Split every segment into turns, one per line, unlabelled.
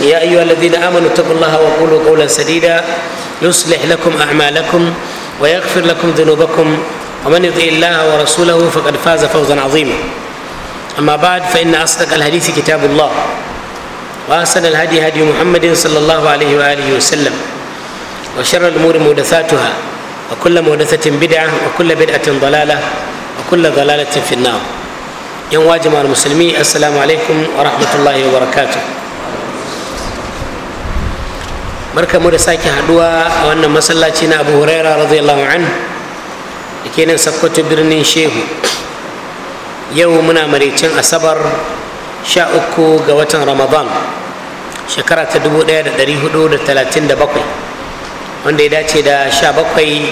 يا ايها الذين امنوا اتقوا الله وقولوا قولا سديدا يصلح لكم اعمالكم ويغفر لكم ذنوبكم ومن يطع الله ورسوله فقد فاز فوزا عظيما اما بعد فان اصدق الحديث كتاب الله واحسن الهدي هدي محمد صلى الله عليه واله وسلم وشر الامور محدثاتها وكل محدثه بدعه وكل بدعه ضلاله وكل ضلاله في النار يوم واجب المسلمين السلام عليكم ورحمه الله وبركاته barka mu da sake haduwa a wannan masallaci na abu huraira radiyallahu an da ke nan sakkwato birnin shehu yau muna maraicin asabar sha uku ga watan ramadan shekara ta dubu da da da dari hudu talatin bakwai wanda ya dace da sha bakwai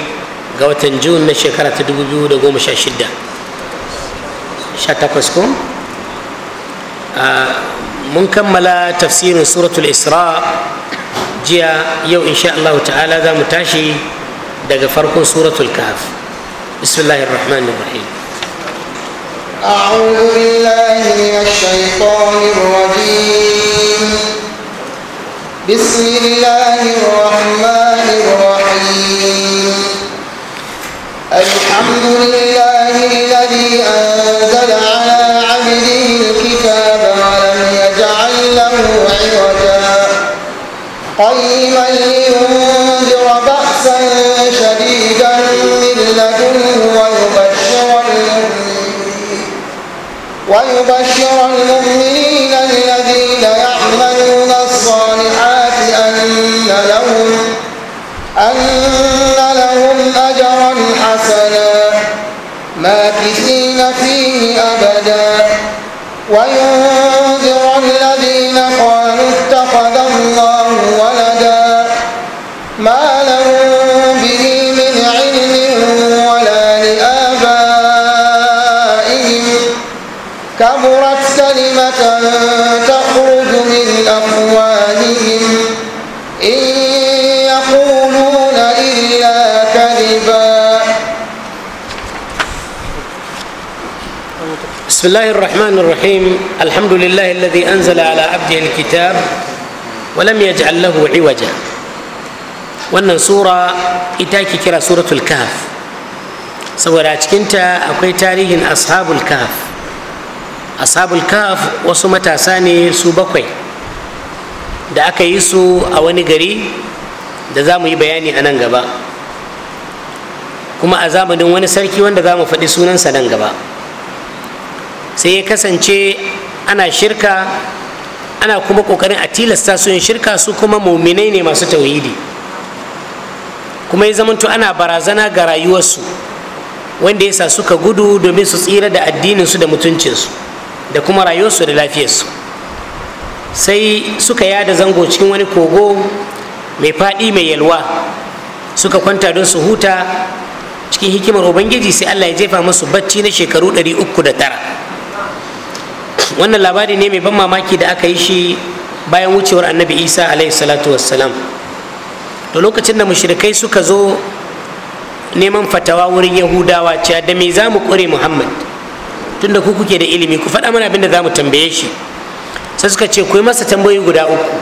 ga watan jun na shekara ta dubu biyu da goma sha shida sha takwas ko ah, mun kammala tafsirin suratul isra jiya إن شاء الله تعالى za متاشي tashi daga سورة الكهف بسم الله الرحمن الرحيم
أعوذ بالله من الشيطان الرجيم بسم الله الرحمن الرحيم الحمد لله الذي أنزل على عبده الكتاب ولم يجعل له عوجا قيما لينذر بأسا شديدا من لدنه ويبشر المؤمنين ويبشر المؤمنين الذين يعملون الصالحات أن لهم أن لهم أجرا حسنا ماكثين فيه أبدا وينذر
بسم الله الرحمن الرحيم الحمد لله الذي انزل على عبده الكتاب ولم يجعل له عوجا wannan sura ita ki kira suratul kahf saboda a cikinta akwai tarihin ashabul kahf ashabul kahf wasu matasa ne su bakwai da aka yi su a wani gari da za mu yi bayani a nan gaba kuma a zamanin wani sarki wanda za mu faɗi sunansa nan gaba sai ya kasance ana shirka ana kuma kokarin a tilasta su yin shirka su kuma muminai ne masu tauhidi kuma ya zamanto ana barazana ga rayuwarsu wanda ya sa suka gudu domin su tsira da addininsu da mutuncinsu da kuma rayuwarsu da lafiyarsu sai suka yada zango cikin wani kogo mai faɗi mai yalwa suka kwanta don su huta cikin hikimar ubangiji sai allah ya jefa masu bacci na shekaru 309 wannan labari ne mai ban mamaki da aka yi shi bayan wucewar annabi isa alaihi salatu wassalam to lokacin da mushrikai suka zo neman fatawa wurin yahudawa cewa da me za mu ƙure muhammad tunda ku kuke da ilimi ku faɗa mana abin za mu tambaye shi sai suka ce ku yi masa tambayoyi guda uku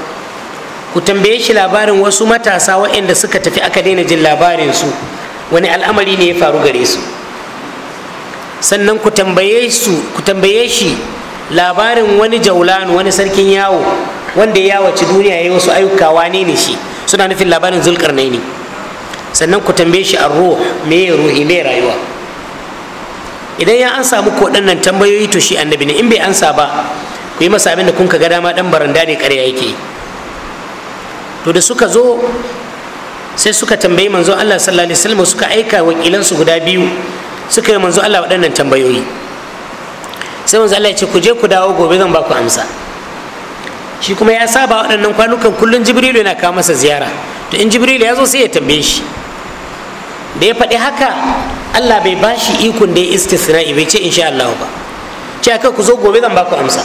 ku tambaye shi labarin wasu matasa waɗanda suka tafi aka daina jin labarin su wani al'amari ne ya faru gare su sannan ku tambaye shi labarin wani jaulanu wani sarkin yawo wanda ya wace duniya ya yi wasu ayyuka wane ne shi suna nufin labarin zulkar ne sannan ku tambaye shi a ruwa me ya ruhi me rayuwa idan ya an samu ko nan tambayoyi to shi annabi ne in bai ansa ba ku yi masa abin da kun ka ga dama dan baranda ne ƙarya yake to da suka zo sai suka tambayi manzo Allah sallallahu alaihi wasallam suka aika wakilansu guda biyu suka yi manzo Allah waɗannan tambayoyi sai wanzu Allah ya ce ku je ku dawo gobe zan ba ku amsa shi kuma ya saba waɗannan kwanukan kullum jibrilu yana kawo masa ziyara to in jibrilu ya zo sai ya tambaye shi da ya faɗi haka Allah bai ba shi ikon da ya istisna'i bai ce insha Allah ba ce aka ku zo gobe zan ba ku amsa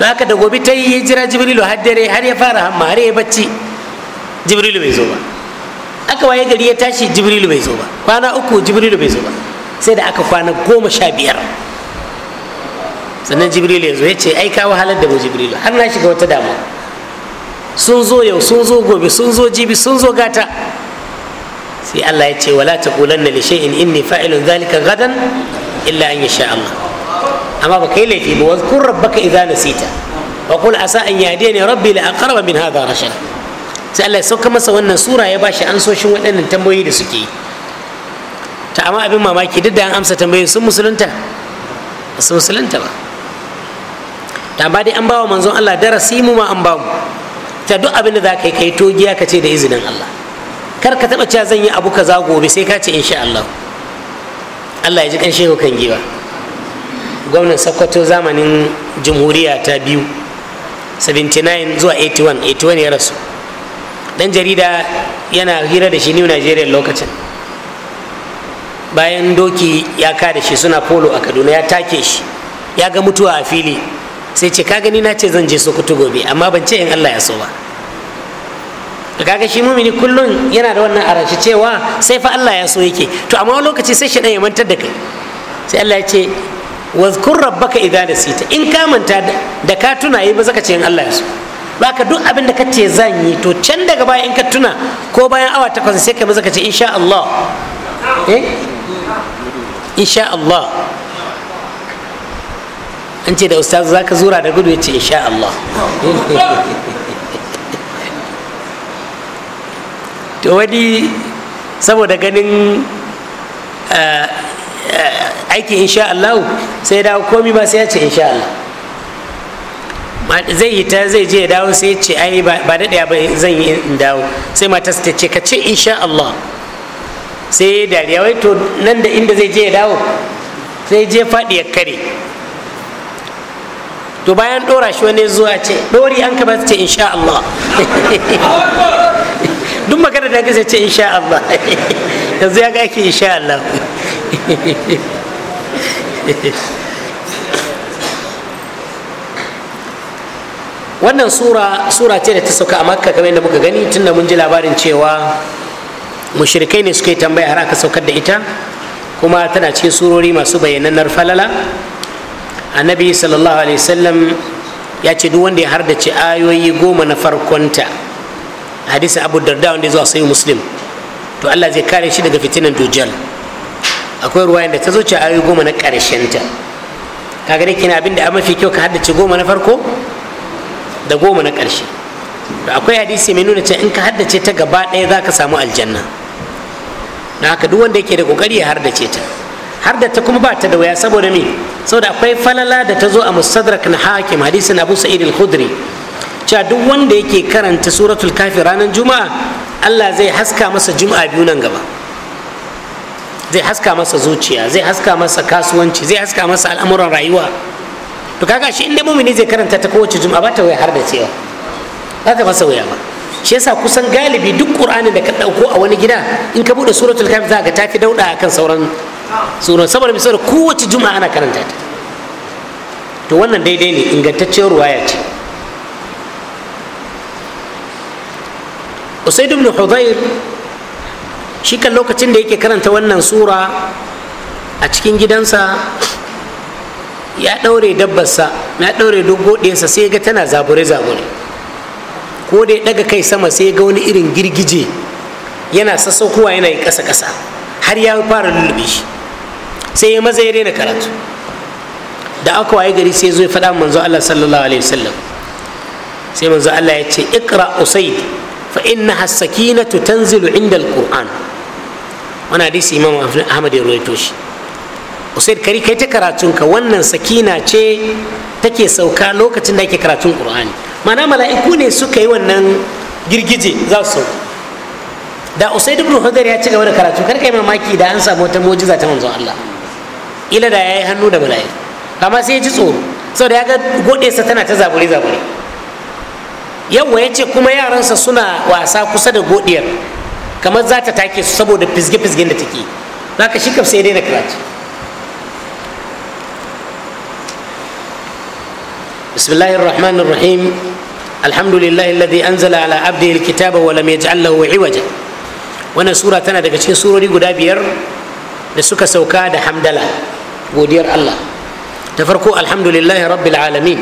don haka da gobe ta yi ya jira jibrilu har dare har ya fara hamma har ya bacci jibrilu bai zo ba aka waye gari ya tashi jibrilu bai zo ba kwana uku jibrilu bai zo ba sai da aka kwana goma sha biyar sannan jibril ya zo ya ce ai ka wahalar da mu jibrilu har na shiga wata dama sun zo yau sun zo gobe sun zo jibi sun zo gata sai Allah ya ce wala taqulanna li shay'in inni fa'ilun zalika gadan illa an yasha Allah amma ba kai laifi ba wadhkur rabbaka idza nasita wa qul asa an yahdini rabbi la aqraba min hadha rashad sai Allah ya sauka masa wannan sura ya bashi ansoshin waɗannan tambayoyi da suke yi ta amma abin mamaki duk da an amsa tambayoyin sun musulunta ba su musulunta ba da ba dai an bawa manzon Allah darasi mu ma an ba mu ta duk abin da za ka yi kai to giya ka ce da izinin Allah kar ka taba cewa zan yi abu kaza gobe sai ka ce insha Allah Allah ya ji kan shehu kan giwa gwamnan Sokoto zamanin jamhuriya ta biyu 79 zuwa 81 81 ya rasu dan jarida yana hira da shi New Nigeria lokacin bayan doki ya kada shi suna polo a Kaduna ya take shi ya ga mutuwa a fili sai ce ka gani na ce zan je sokoto gobe amma ban ce in allah ya so ba kaga shi mumini kullum yana da wannan arashi cewa sai fa allah ya so yake to amma wani lokaci sai shaɗan ya mantar da kai sai allah ya ce wazkur rabbaka idza nasita in ka manta da ka tuna yi ba zaka ce in allah ya so baka duk abin da ka ce zan yi to can daga baya in ka tuna ko bayan awa takwas sai ka zaka ce insha allah eh insha allah an ce da ustaz za ka zura da gudu ya ce insha Allah to wani saboda ganin eh, eh, aikin insha Allah sai dawo komi ba sai ya ce insha Allah zai yi ta zai je dawo sai ya ce ai ba daɗaya ba zan yi in dawo sai mata ta ce ka ce insha Allah sai dariya wai to nan da inda zai je ya dawo sai je faɗi ya kare to bayan dora shi wani zuwa ce dori an ka ba ta ce insha Allah duk magana da gaza ce insha Allah yanzu ya gaki insha Allah wannan sura sura ce da ta sauka a makka kamar yadda muka gani tunda mun ji labarin cewa mushrikai ne suka yi tambaya har aka saukar da ita kuma tana cikin surori masu bayyanannar falala annabi sallallahu alaihi wasallam ya ce duk wanda ya hardace ayoyi goma na farkonta hadisin abu darda wanda zuwa sai muslim to allah zai kare shi daga fitinan dujjal akwai ruwa da ta zo ce ayoyi goma na ƙarshenta kaga dai kina abinda a mafi kyau ka hardace goma na farko da goma na ƙarshe to akwai hadisi mai nuna cewa in ka hardace ta gaba ɗaya za ka samu aljanna na haka duk wanda yake da ƙoƙari ya hardace ta har da ta kuma ba ta da waya saboda me saboda akwai falala da ta zo a musadrak na hakim hadisin abu sa'id al-khudri cewa duk wanda yake karanta suratul kafi ranar juma'a Allah zai haska masa juma'a biyu nan gaba zai haska masa zuciya zai haska masa kasuwanci zai haska masa al'amuran rayuwa to kaga shi inda mumini zai karanta ta kowace juma'a ba ta waya har da cewa ba ta masa waya ba shi yasa kusan galibi duk qur'anin da ka dauko a wani gida in ka bude suratul kafir za ka tafi dauda akan sauran surar saboda misali kowace juma'a ana karanta ta to wannan daidai ne ingantacciyar ruwaya ce usaid ibn hudayr shi kan lokacin da yake karanta wannan sura a cikin gidansa ya ɗaure dabbarsa ya ɗaure dogoɗinsa sai ga tana zabure-zabure ko da ya ɗaga kai sama sai ga wani irin girgije yana sassaukowa yana yi ƙasa-ƙasa har ya fara lullube shi sai ya maza ya daina karatu da aka waye gari sai zo ya faɗa manzo Allah sallallahu alaihi wasallam sai manzo Allah ya ce Iqra usayd fa inna as-sakinatu tanzilu inda al-qur'an wannan hadisi imam Ahmad ya rawaito shi usayd kari kai ta karatun ka wannan sakina ce take sauka lokacin da ake karatun qur'ani mana mala'iku ne suka yi wannan girgije za su sauka da usayd ibn hudayr ya ci gaba da karatu kar kai mamaki da an samu wata mu'jiza ta manzo Allah kila da yayi hannu da mala'iku amma sai ya ji tsoro saboda ya ga godesa tana ta zabure zabure yawa ya ce kuma yaransa suna wasa kusa da godiyar kamar za ta take su saboda fisge fisgen da take naka shi kam sai daina karatu بسم الله الرحمن الرحيم الحمد لله الذي أنزل على عبده الكتاب ولم يجعل له wannan sura tana daga cikin surori guda biyar da suka sauka da hamdala ودير الله تفرقوا الحمد لله رب العالمين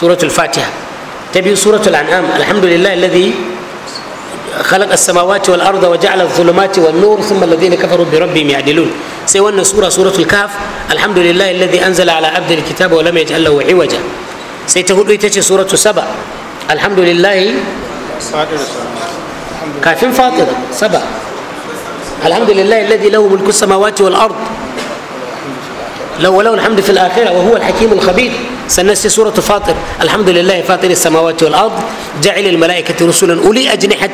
سورة الفاتحة تبي سورة الأنعام الحمد لله الذي خلق السماوات والارض وجعل الظلمات والنور ثم الذين كفروا بربهم يعدلون سوى سوره سوره الكهف الحمد لله الذي انزل على عبد الكتاب ولم يجعل له عوجا سي تهدو سوره سبع الحمد لله كافٍ فاطر سبع الحمد لله الذي له ملك السماوات والارض لو وله الحمد في الآخرة وهو الحكيم الخبير سنسي سورة فاطر الحمد لله فاطر السماوات والأرض جعل الملائكة رسلا أولي أجنحة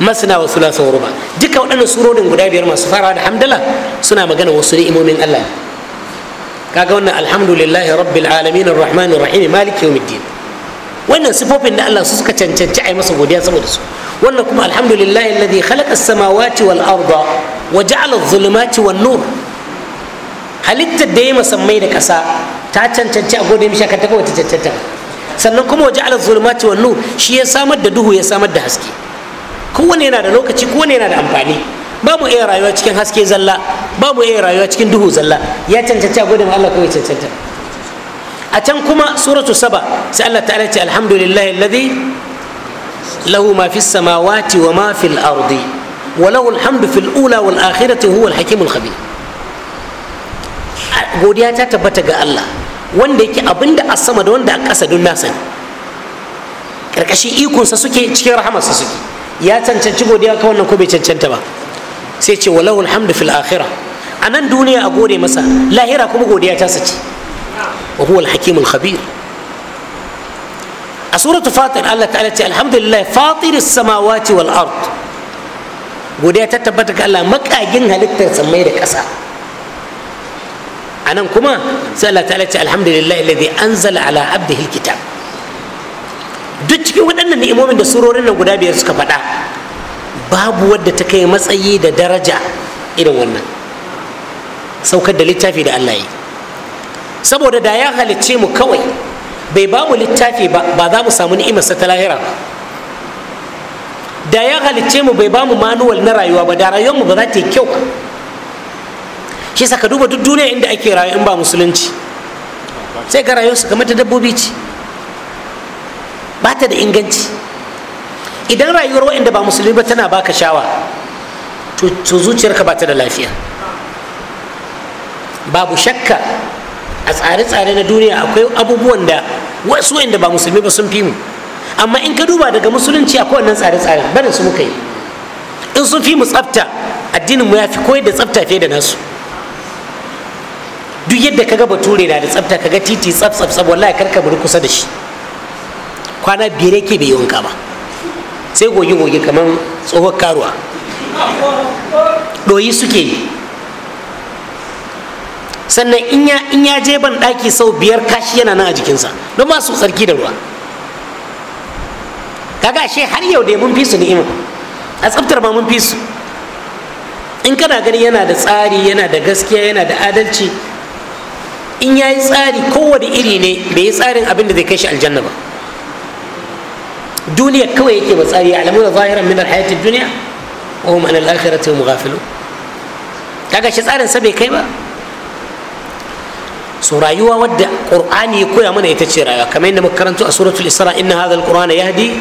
مثنى وثلاث ورباع ديكا وأنا سورة غدا بير ما سفارة الحمد لله سنا مغنى وصلي إمام الله كاغا الحمد لله رب العالمين الرحمن الرحيم مالك يوم الدين وأن sifofin إن الله su suka cancanci a yi masa الحمد لله الذي خلق السماوات والأرض وجعل الظلمات والنور halittar da ya musammai da ƙasa ta cancanci a gode mishi kanta kawai ta cancanta sannan kuma waje ala zulmati wa nur shi ya samar da duhu ya samar da haske kowane yana da lokaci kowane yana da amfani ba iya rayuwa cikin haske zalla ba iya rayuwa cikin duhu zalla ya cancanci a gode ma Allah kawai cancanta a can kuma suratu saba sai Allah ta'ala ce alhamdulillahi alladhi lahu ma fis samawati wa ma fil ardi wa lahu alhamdu fil ula wal akhirati huwa al hakimul khabir godiya ta tabbata ga Allah wanda yake abinda a sama da wanda a ƙasa don nasa ƙarƙashin ikonsa suke cikin rahamarsa suke ya cancanci godiya ka wannan ko bai cancanta ba sai ce walau alhamdu fil a nan duniya a gode masa lahira kuma godiya ta sace wa huwa khabir a suratu fatir Allah ta'ala ce alhamdulillah fatir samawati wal ard godiya ta tabbata ga Allah makagin halittar samai da ƙasa anan kuma sai Allah ta'ala ce alhamdulillah alladhi anzala ala abdihi alkitab duk cikin waɗannan ni'imomin da surorin nan guda biyar suka faɗa babu wadda ta kai matsayi da daraja irin wannan saukar da littafi da Allah yi saboda da ya halicce mu kawai bai ba mu littafi ba ba za mu samu ni'imarsa ta lahira ba da ya halicce mu bai ba mu manuwal na rayuwa ba da rayuwar mu ba za ta yi kyau shi saka ka duba duk duniya inda ake rayu in ba musulunci sai ga rayuwarsu kamar ta dabbobi ce ba ta da inganci idan rayuwar waɗanda ba musulmi ba tana baka shawa to zuciyarka ba ta da lafiya babu shakka a tsare-tsare na duniya akwai abubuwan da wasu waɗanda ba musulmi ba sun fi mu amma in ka duba daga musulunci akwai wannan tsare-tsare barin su muka yi in sun fi mu tsafta addinin mu ya fi koyar da tsafta fiye da nasu duk yadda kaga bature na da tsafta kaga titi tsaf tsaf tsaf wallahi karka bari kusa da shi kwana biyar yake bai wanka ba sai goge goge kamar tsohon karuwa ɗoyi suke yi sannan in ya je ban ɗaki sau biyar kashi yana nan a jikinsa don ba su tsarki da ruwa kaga ashe har yau da mun fi su ni'ima a tsaftar ma mun fi su in kana gani yana da tsari yana da gaskiya yana da adalci in ya yi tsari kowane iri ne bai yi tsarin abin da zai kai shi aljanna ba duniya kawai yake ba tsari alamuna zahiran minar alhayatin duniya wa ma'ana an al-akhirati hum ghafilun kaga shi tsarin sa bai kai ba so rayuwa wadda qur'ani ya koya mana ita ce rayuwa kamar yadda muka karanto a suratul isra inna hadha al-qur'ana yahdi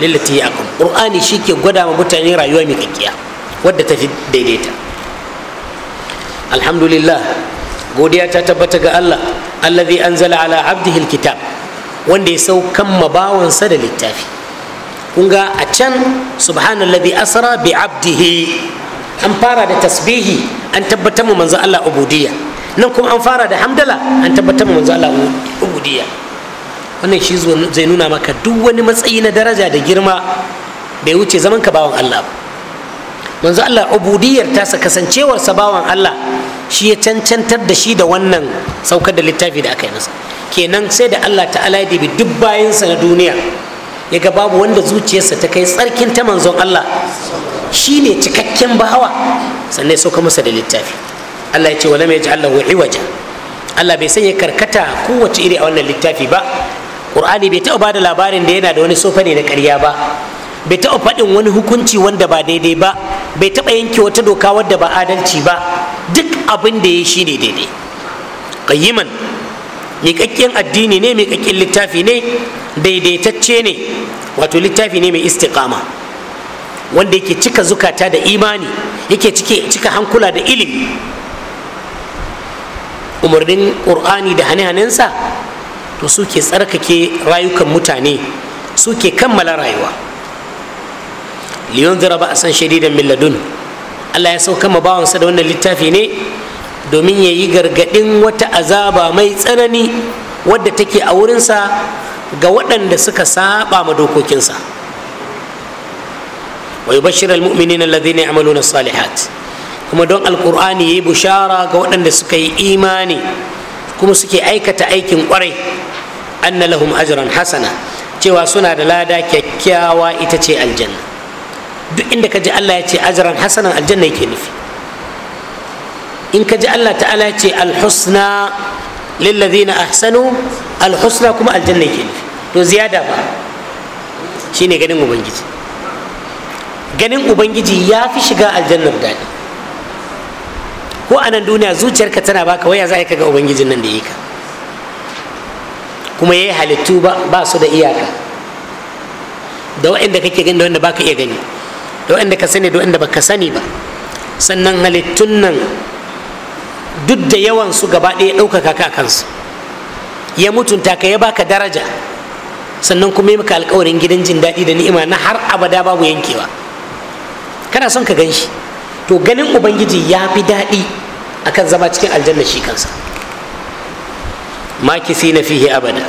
lillati hi aqwam qur'ani shike gwada ma mutane rayuwa mai kakkiya wadda ta fi daidaita alhamdulillah godiya ta tabbata ga Allah allazi anzala ala abdihi alkitab wanda ya saukan mabawansa da littafi kun ga a can subhanallazi asra bi abdihi an fara da tasbihi an tabbatar mu manzo Allah ubudiyya nan kuma an fara da hamdala an tabbatar mu manzo Allah ubudiyya wannan shi zai nuna maka duk wani matsayi na daraja da girma bai wuce zaman ka bawan Allah manzo Allah ubudiyyar ta sa kasancewar sa bawan Allah shi ya cancantar da shi da wannan saukar da littafi da aka yi masa kenan sai da allah ta'ala ya dibi duk bayansa na duniya ya ga babu wanda zuciyarsa ta kai tsarkin ta manzon allah shi ne cikakken bahawa sannan ya sauka masa da littafi allah ya ce wa mai ja'alla wa iwaja allah bai sanya karkata kowace iri a wannan littafi ba qur'ani bai taɓa bada labarin da yana da wani sofa ne na ƙarya ba bai taɓa faɗin wani hukunci wanda ba daidai ba bai taɓa yanke wata doka wadda ba adalci ba abin da ya shi ne daidai ƙayyiman miƙaƙƙen addini ne miƙaƙƙen littafi ne daidaitacce ne wato littafi ne mai istiƙama wanda yake cika zukata da imani yake cika hankula da ilimi umarnin ƙur'ani da hane-hanensa to suke tsarkake rayukan mutane suke kammala rayuwa liyon zira ba a san shaididan milladun Allah ya sauka ma bawansa da wannan littafi ne domin ya yi gargaɗin wata azaba mai tsanani wadda take a wurinsa ga waɗanda suka saɓa ma dokokinsa wa mumini na alladhina amaluna salihat kuma don ya yi bushara ga waɗanda suka yi imani kuma suke aikata aikin kwarai anna lahum ajran hasana cewa suna da lada kyakkyawa ita ce aljanna duk inda ka ji Allah ya ce ajran hasanan aljanna yake nufi in ka ji Allah ta'ala ya ce alhusna lillazina ahsanu alhusna kuma aljanna yake nufi to ziyada ba shine ganin ubangiji ganin ubangiji ya fi shiga aljannar daɗi ko a nan duniya zuciyarka tana baka waya za ka ga ubangijin nan da yi ka kuma ya yi halittu ba su da iyaka da waɗanda kake gani da wanda baka iya gani da wanda ka sani da wanda baka sani ba sannan halittun nan duk da yawan su gaba ɗaya ɗaukaka ka kansu ya mutunta ka ya baka daraja sannan kuma yi maka alkawarin gidan jin daɗi da ni'ima na har abada babu yankewa kana son ka gan shi to ganin ubangiji ya fi daɗi akan zama cikin aljanna shi kansa maki makisi na fihe abada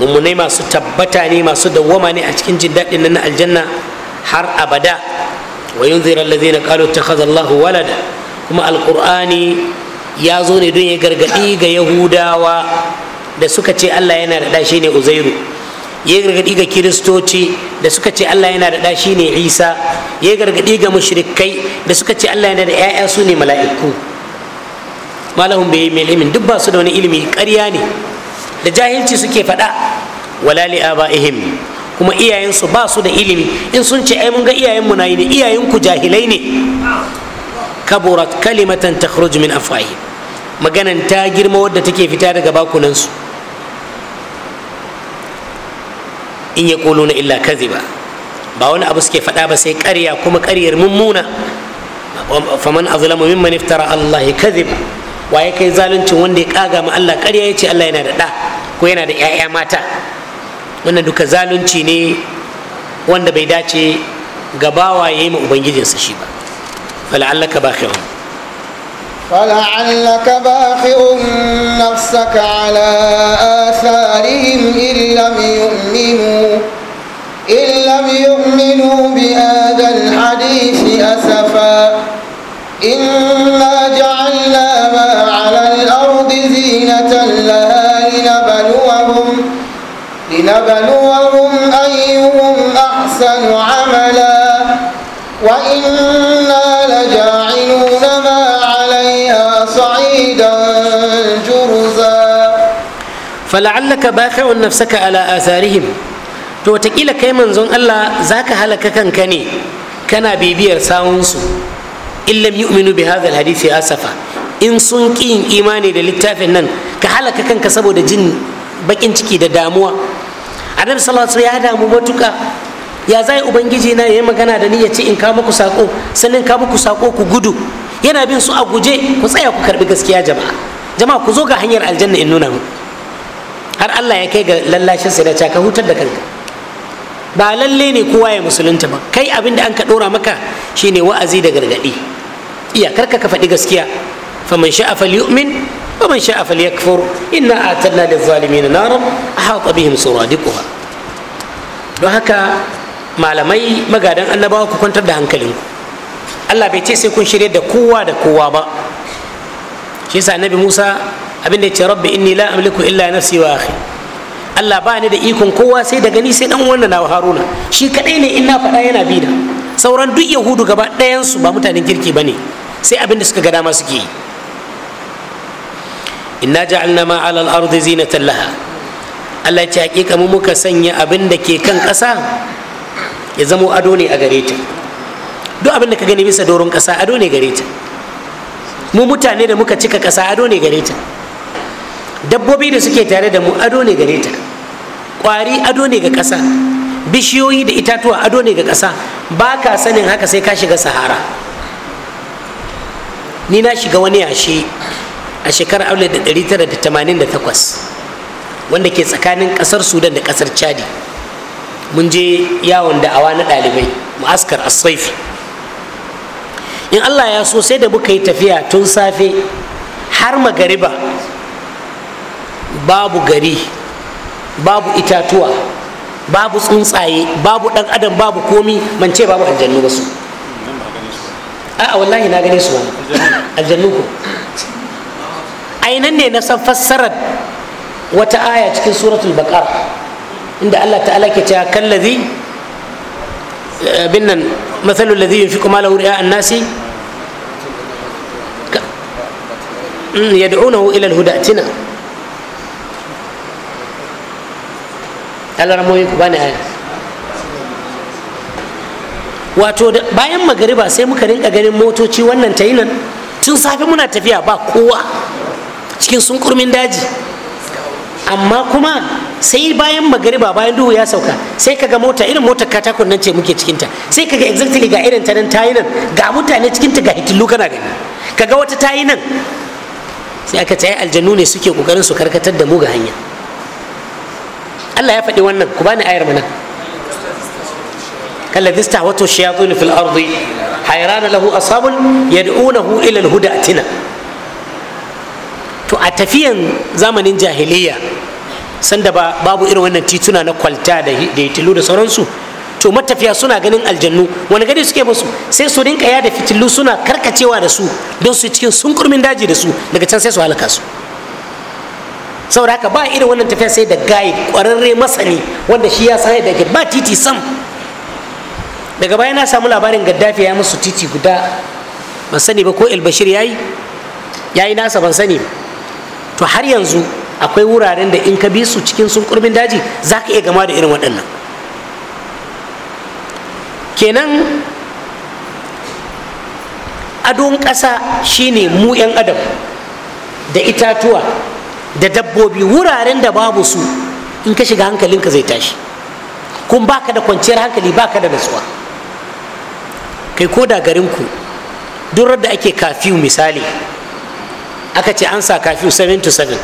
mummunai masu tabbata ne masu dawwama ne a cikin jin daɗin nan na aljanna har abada wa yunzira allazina qalu ittakhadha Allahu walada kuma alqur'ani ya zo ne don ya gargadi ga yahudawa da suka ce Allah yana da dashi ne uzairu ya gargadi ga kiristoci da suka ce Allah yana da dashi ne isa ya gargadi ga mushrikai da suka ce Allah yana da ƴaƴa su ne mala'iku malahum bai mai ilimin duk ba su da wani ilimi ƙarya ne da jahilci suke faɗa wala li abaihim kuma iyayensu ba su da ilimi in sun ce ai mun ga iyayenmu na yi ne iyayenku jahilai ne kaburat kalimatan takhruju min afwahi maganan ta girma wadda take fita daga bakunansu in ya na illa kaziba ba wani abu suke faɗa ba sai ƙarya kuma ƙaryar mummuna faman azlamu mimman iftara Allah kadhiba waye kai zaluncin wanda ya kaga ma Allah ƙarya ce Allah yana da ɗa ko yana da 'ya'ya mata wannan duka zalunci ne wanda bai dace ga bawaye ma ubangijinsa shi ba fala'allaka ba khiru
fala'allaka ba khiru nafsaka ala asarihim illam yu'minu illam yu'minu bi hadhal hadisi asafa لنبلوهم أيهم أحسن عملا وإنا لجاعلون ما عليها صعيدا جرزا
فلعلك باخع نفسك على آثارهم to watakila kai manzon Allah zaka halaka kanka ne kana bibiyar sawunsu in lam yu'minu bi hadha alhadisi asafa in sun ƙi imani da littafin nan ka halaka kanka saboda jin bakin ciki da damuwa annabi sallallahu alaihi ya damu matuka ya zai ubangiji na yayi magana da ni ya ce in ka muku sako sannan ka muku sako ku gudu yana bin su a guje ku tsaya ku karbi gaskiya jama'a jama'a ku zo ga hanyar aljanna in nuna mu har Allah ya kai ga lallashin sai da ka hutar da kanka ba lalle ne kowa ya musulunta ba kai abin da an ka dora maka shine wa'azi da gargadi iya karka ka faɗi gaskiya فمن شاء فليؤمن ومن شاء فليكفر إنا أعتدنا للظالمين نارا أحاط بهم سرادقها وهكا malamai magadan annabawa ku kwantar da hankalinku allah bai ce sai kun shirya da kowa da kowa ba shi yasa annabi musa abinda ya ce rabbi inni la amliku illa nafsi wa akhi allah ba ni da ikon kowa sai da gani sai dan wannan haruna shi kadai ne in na faɗa yana bi da sauran duk yahudu gaba ɗayansu ba mutanen kirki ba ne sai abin da suka ga dama suke yi inna ja'alna ma 'ala al-ardi zinatan laha Allah ya ce hakika mu muka sanya abin da ke kan ƙasa ya zamo ado ne a gare ta duk abin da ka gani bisa doron ƙasa ado ne gare ta mu mutane da muka cika ƙasa ado ne gare ta dabbobi da suke tare da mu ado ne gare ta ƙwari ado ne ga ƙasa bishiyoyi da itatuwa ado ne ga ƙasa ba ka sanin haka sai ka shiga sahara ni na shiga wani yashe a shekarar 1988 wanda ke tsakanin ƙasar sudan da ƙasar chadi mun je yawon da'awa na ɗalibai ma'askar asraifi in allah ya so sai da muka yi tafiya tun safe har magariba babu gari babu itatuwa babu tsuntsaye babu ɗan adam babu komi man ce babu aljannu wasu a'a wallahi na gane su wani aljannu ku. ainihin ne na san fassarar wata aya cikin suratul baqara inda Allah ta'ala ke cewa kallazi eh, bin nan mathalul ladhi yunfiqu malahu ri'a an-nasi mm, yad'unahu ila al-huda tina Allah ramoyi ku bani aya wato bayan magariba sai muka rinka ganin motoci wannan ta yi nan tun safe muna tafiya ba kowa cikin sunkurmin daji amma kuma sai bayan magariba bayan duhu ya sauka sai kaga mota irin motar katakon nan ce muke cikinta sai kaga exactly ga irin ta nan tayi nan ga mutane cikinta ga hitillu kana gani kaga wata tayi nan sai aka tsaye aljannu ne suke kokarin su karkatar da mu ga hanya Allah ya faɗi wannan ku bani ayar mana kalladhi stahwatu shayatin fil ardi hayrana lahu ashabun yad'unahu ila al-huda atina to a tafiyan zamanin jahiliya sanda ba babu irin wannan tituna na kwalta da tilo da sauransu to matafiya suna ganin aljannu wani gari suke musu sai su rinka ya da fitilu suna karkacewa da su don su cikin sunkurmin daji da su daga can sai su halaka su saboda haka ba irin wannan tafiya sai da gayi kwararre masani wanda shi ya san da ba titi sam daga baya na samu labarin gaddafi ya musu titi guda ban sani ba ko elbashir ya yi ya yi nasa ban sani ba to har yanzu akwai wuraren da in ka bi su cikin sun kurbin daji za ka iya gama da irin waɗannan kenan adon ƙasa shine mu 'yan adam da itatuwa da dabbobi wuraren da babu su in ka shiga hankalinka zai tashi kun baka da kwanciyar hankali baka da nutsuwa kai ko da garinku duk da ake kafiyu misali aka ce an sa kafi 7 to 7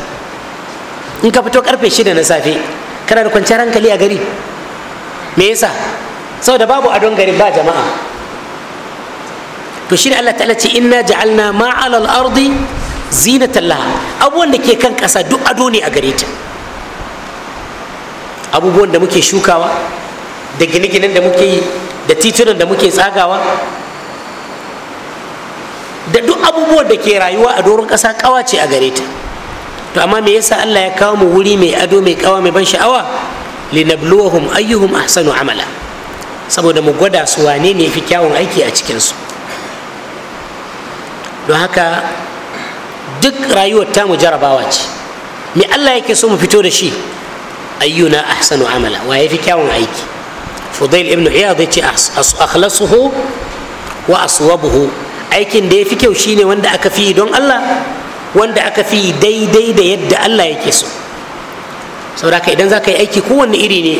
in ka fito karfe shida na safe kana da kwanciyar hankali a gari me yasa saboda babu adon garin ba jama'a to shi ne Allah ta'ala ce inna ja'alna ma al ardi zinatan laha abubuwan da ke kan kasa duk ado ne a gare ta abubuwan da muke shukawa da gine-ginen da muke yi da titunan da muke tsagawa da duk abubuwan da ke rayuwa a doron ƙasa ƙawa ce a gare ta to amma me yasa Allah ya kawo mu wuri mai ado mai ƙawa mai ban sha'awa linabluwahum ayyuhum ahsanu amala saboda mu gwada su wane ne fi kyawun aiki a cikin su don haka duk rayuwar tamu jarabawa ce me Allah yake so mu fito da shi ayyuna ahsanu amala wa yafi kyawun aiki fudail ibn iyad yace ce akhlasuhu wa aswabuhu aikin da ya fi kyau shine wanda aka fi don Allah wanda aka fi daidai da yadda Allah yake so saboda idan za ka yi aiki kowanne iri ne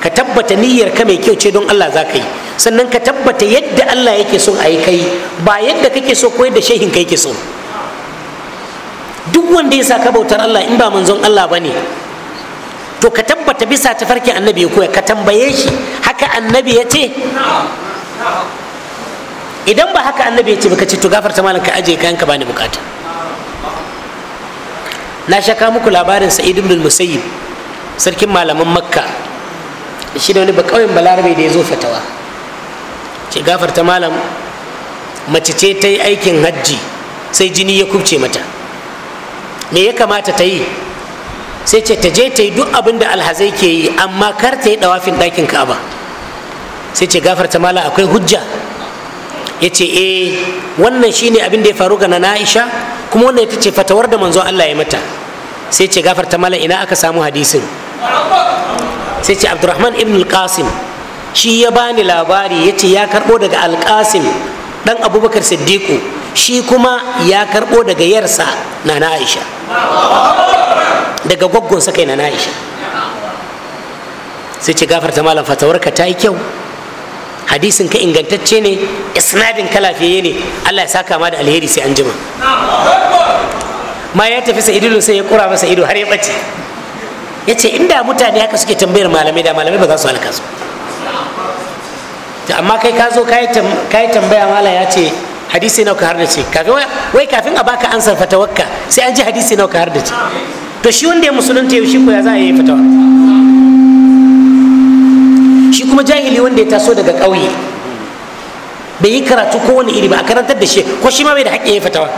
ka tabbata niyyar ka mai kyau ce don Allah za ka yi sannan ka tabbata yadda Allah yake so a yi kai ba yadda kake so ko yadda shehin ka yake so duk wanda ya sa ka bautar Allah in ba manzon Allah ba ne to ka tabbata bisa tafarkin annabi ya koya ka tambaye shi haka annabi ya ce idan ba haka annabi ya ce baka ce to gafarta malam ka aje kayan ka bani bukata na shaka muku labarin sa'id ibn musayyib sarkin malaman makka shi da wani ba kauyen balarabe da ya zo fatawa ce gafarta malam mace ce ta yi aikin hajji sai jini ya kubce mata me ya kamata ta yi sai ce ta je ta yi duk abin da alhazai ke yi amma kar ta yi dawafin ɗakin ka'aba sai ce gafarta malam akwai hujja ya ce e eh, wannan ne abin da ya faru ga na aisha kuma wannan ita ce fatawar da manzon allah ya mata sai ce gafarta malam ina aka samu hadisin sai ce abdurrahman ibn al-qasim shi ya bani labari ya ce ya karbo daga al-qasim dan abubakar siddiqu shi kuma ya karbo daga yarsa na aisha daga gwaggonsa kai na aisha sai ce gafarta malam fatawarka ta yi kyau hadisin ka ingantacce ne isnadin ka lafiyayye ne Allah ya saka ma da alheri sai an jima ma ya tafi sa'idulu sai ya kura masa ido har ya bace ya ce inda mutane haka suke tambayar malamai da malamai ba za su halaka su amma kai ka zo ka yi tambaya mala ya ce hadisi nawa ka har da ce wai kafin a baka ansar fatawakka sai an ji hadisi nawa ka har da ce to shi wanda ya musulunta yaushe ko ya za a yi fatawa shi kuma jahili wanda ya taso daga ƙauye bai yi karatu ko wani iri ba a karantar da shi ko shi ma bai da haƙƙin ya fatawa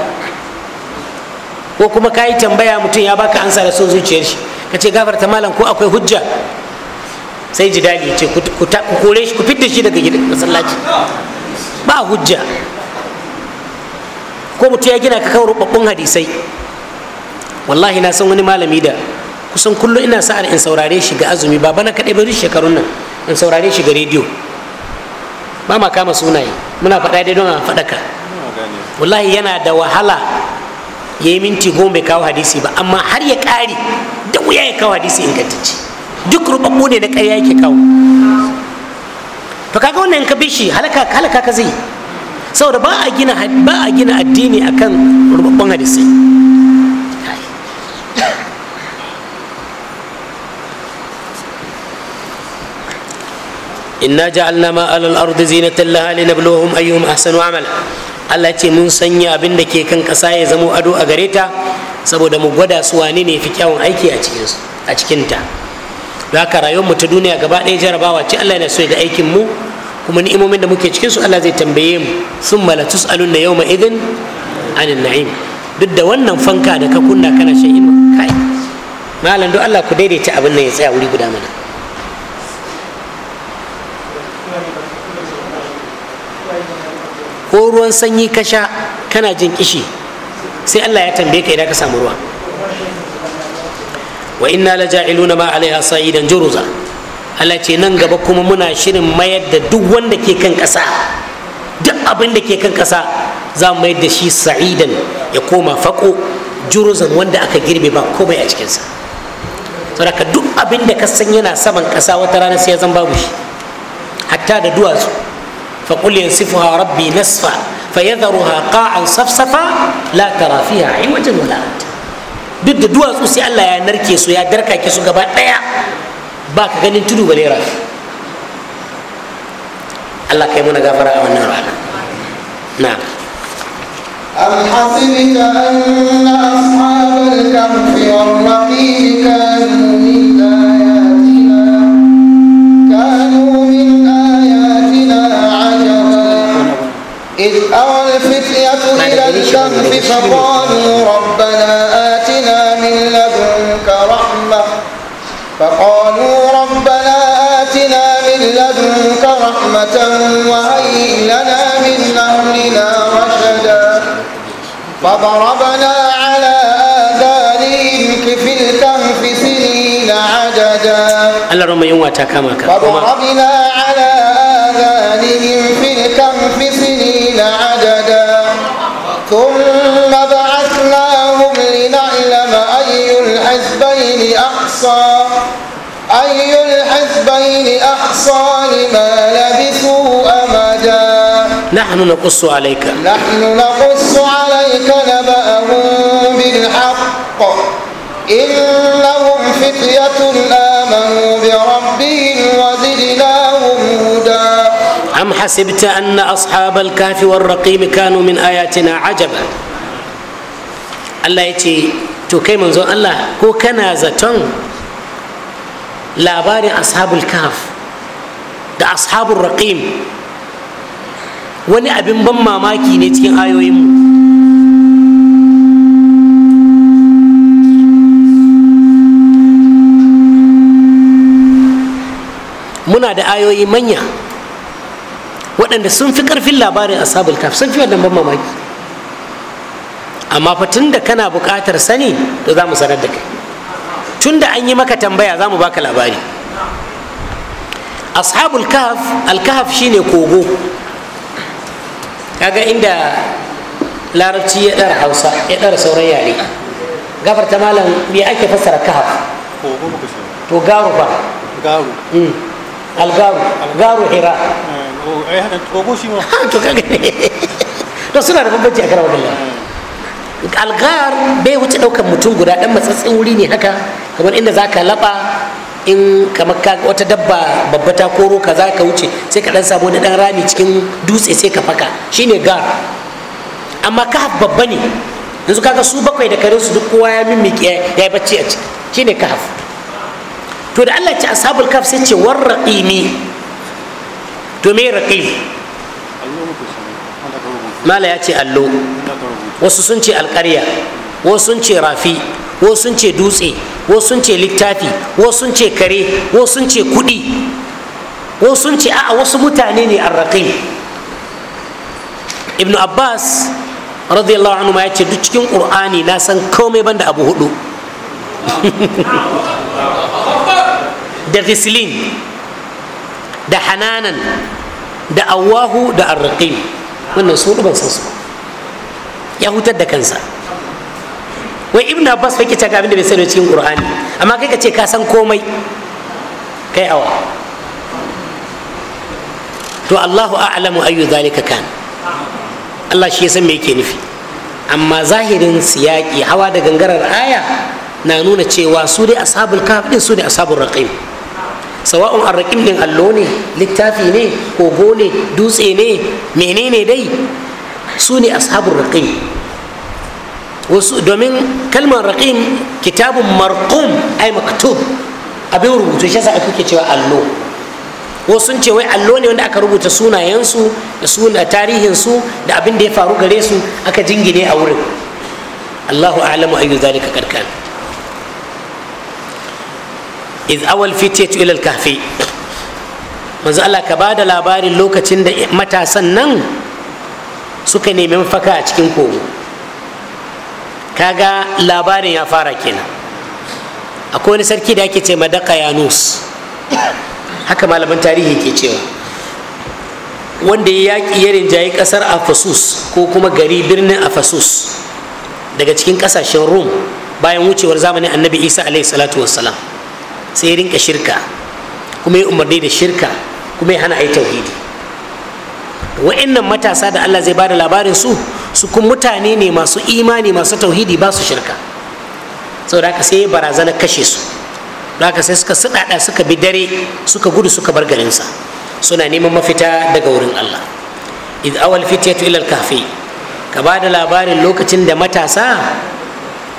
ko kuma ka yi tambaya mutum ya baka ansa da son zuciyar shi ka ce gafarta malam ko akwai hujja sai ji dali ce ku kore shi ku fidda shi daga gidan masallaci ba hujja ko mutum ya gina ka kawo rubabbun hadisai wallahi na san wani malami da kusan kullum ina sa'ar in saurare shi ga azumi ba bana kaɗai bari shekarun nan in saurare shi ga rediyo ba ma kama sunaye muna faɗa dai don a faɗaka wallahi yana da wahala ya yi minti goma bai kawo hadisi ba amma har ya ƙari da wuya ya kawo hadisi ingantacce duk rubabbu ne na ƙarya yake kawo to kaga wannan ka bi halaka halaka ka zai saboda ba a gina addini a addini akan rubabbun hadisi inna ja'alna ma alal ardi zinatan laha linabluwahum ayyuhum ahsanu amala Allah ce mun sanya abin da ke kan ƙasa ya zamo ado a gare ta saboda mu gwada su wani ne fi kyawun aiki a cikin a cikin ta haka rayuwar mu ta duniya gaba ɗaya jarabawa ce Allah yana so ya ga aikin mu kuma ni'imomin da muke cikin su Allah zai tambaye mu summa la tus'alunna yawma idin anin na'im duk da wannan fanka da ka kunna kana shan kai malam don Allah ku daidaita abin nan ya tsaya wuri guda mana ko ruwan sanyi ka sha kana jin kishi sai Allah ya tambaye ka idan ka samu ruwa wa inna la ja'iluna ma 'alayha sa'idan juruza Allah ce nan gaba kuma muna shirin mayar da duk wanda ke kan kasa duk abin da ke kan ƙasa za mu mayar da shi sa'idan ya koma fako juruzan wanda aka girbe ba komai a cikinsa saboda duk abin da ka san yana saman ƙasa wata rana sai ya zan babu shi hatta da duwatsu فقل ينسفها ربي نصفا فيذرها قاعا صفصفا لا ترى فيها عوجا ولا انت ضد دواز اوسي الله يا نركيسو يا دركا كيسو غبا ديا باك غنين تدو بليرا الله كيمونا غفر او
نعم الحصيد ان اصحاب الكهف والنار إذ أوى الفتية إلى الكهف فقالوا ربنا آتنا من لدنك رحمة فقالوا ربنا آتنا من لدنك رحمة وهيئ لنا من أمرنا رشدا فضربنا على آذانهم في الكهف سنين عددا
فضربنا
على آذانهم في الكهف سنين للمرسلين عددا ثم بعثناهم لنعلم أي الحزبين أحصى أي الحزبين أحصى لما لبثوا أمدا
نحن نقص عليك نحن
نقص عليك نبأهم بالحق إنهم فتية آمنوا بربهم
أفحسبت أن أصحاب الكهف والرقيم كانوا من آياتنا عجبا الله يتي to kai manzon Allah ko kana zaton labarin ashabul kaf da ashabul raqim wani abin ban mamaki ne cikin ayoyinmu muna da ayoyi manya waɗanda sun fi ƙarfin labarin ashabul kaf sun fi wannan ban mamaki amma fa tunda kana buƙatar sani to za mu sanar da kai tunda an yi maka tambaya za mu baka labari ashabul kaf shi shine kogo kaga inda larabci ya ɗara hausa ya ɗara sauran yare gafarta malam me ake fassara kahaf to garu ba garu mm. algaru garu hira mm. to kaga don suna da a karawar Allah algar bai wuce daukan mutum guda dan matsatsin wuri ne haka kamar inda zaka laba in kamar ka wata dabba babba ta koro ka za ka wuce sai ka dan sabo na dan rami cikin dutse sai ka faka shine gar amma kahaf babba ne yanzu kaga su bakwai da kare su duk kowa ya mimmiƙe ya yi bacci a ciki shine kahaf to da Allah ci asabul kahf sai ce warraqimi to me raqib mala ya ce allo wasu sun ce alƙarya wasu sun ce rafi wasu sun ce dutse wasu sun ce littafi wasu sun ce kare wasu sun ce kuɗi wasu sun ce a'a wasu mutane ne arraqib ibnu abbas radiyallahu anhu ma ya ce duk cikin qur'ani na san komai banda abu hudu da rislin da hananan da awahu da arraqim wannan su ban san su ya hutar da kansa wai ibn abbas fa kice ga abin da bai sani cikin qur'ani amma kai ka ce ka san komai kai awa to allahu a'lamu ayu zalika kan allah shi ya san me yake nufi amma zahirin siyaki hawa da gangarar aya na nuna cewa su dai ashabul kaf din su ne ashabul raqim sawa'un arraƙin ne allo ne littafi ne kogo ne dutse ne menene dai su ne ashabun raƙin wasu domin kalmar raƙin kitabun a ai maktub abin rubutu shi yasa kuke cewa allo wasu sun ce wai allo ne wanda aka rubuta sunayensu da suna tarihinsu da abin da ya faru gare su aka jingine a wurin allahu a'lamu ayyu zalika karkan iz awal fitiyatu ila kahfi manzo Allah ka bada labarin lokacin da matasan nan suka nemi mafaka a cikin kogo ka ga labarin ya fara kenan akwai wani sarki da ake ce madaka yanus haka malaman tarihi ke cewa wanda ya yaƙi ya rinjayi ƙasar afasus ko kuma gari birnin afasus daga cikin ƙasashen rum bayan wucewar zamanin annabi isa alaihi salatu wassalam sai ya rinka shirka kuma ya umarni da shirka kuma ya hana a yi tauhidi wa'annan matasa da allah zai bada labarin su su kun mutane ne masu imani masu tauhidi ba su shirka saboda haka sai ya barazana kashe su haka sai suka suɗaɗa suka bi dare suka gudu suka bar garinsa suna neman mafita daga wurin allah id awal fityatu ilal kafi ka bada labarin lokacin da matasa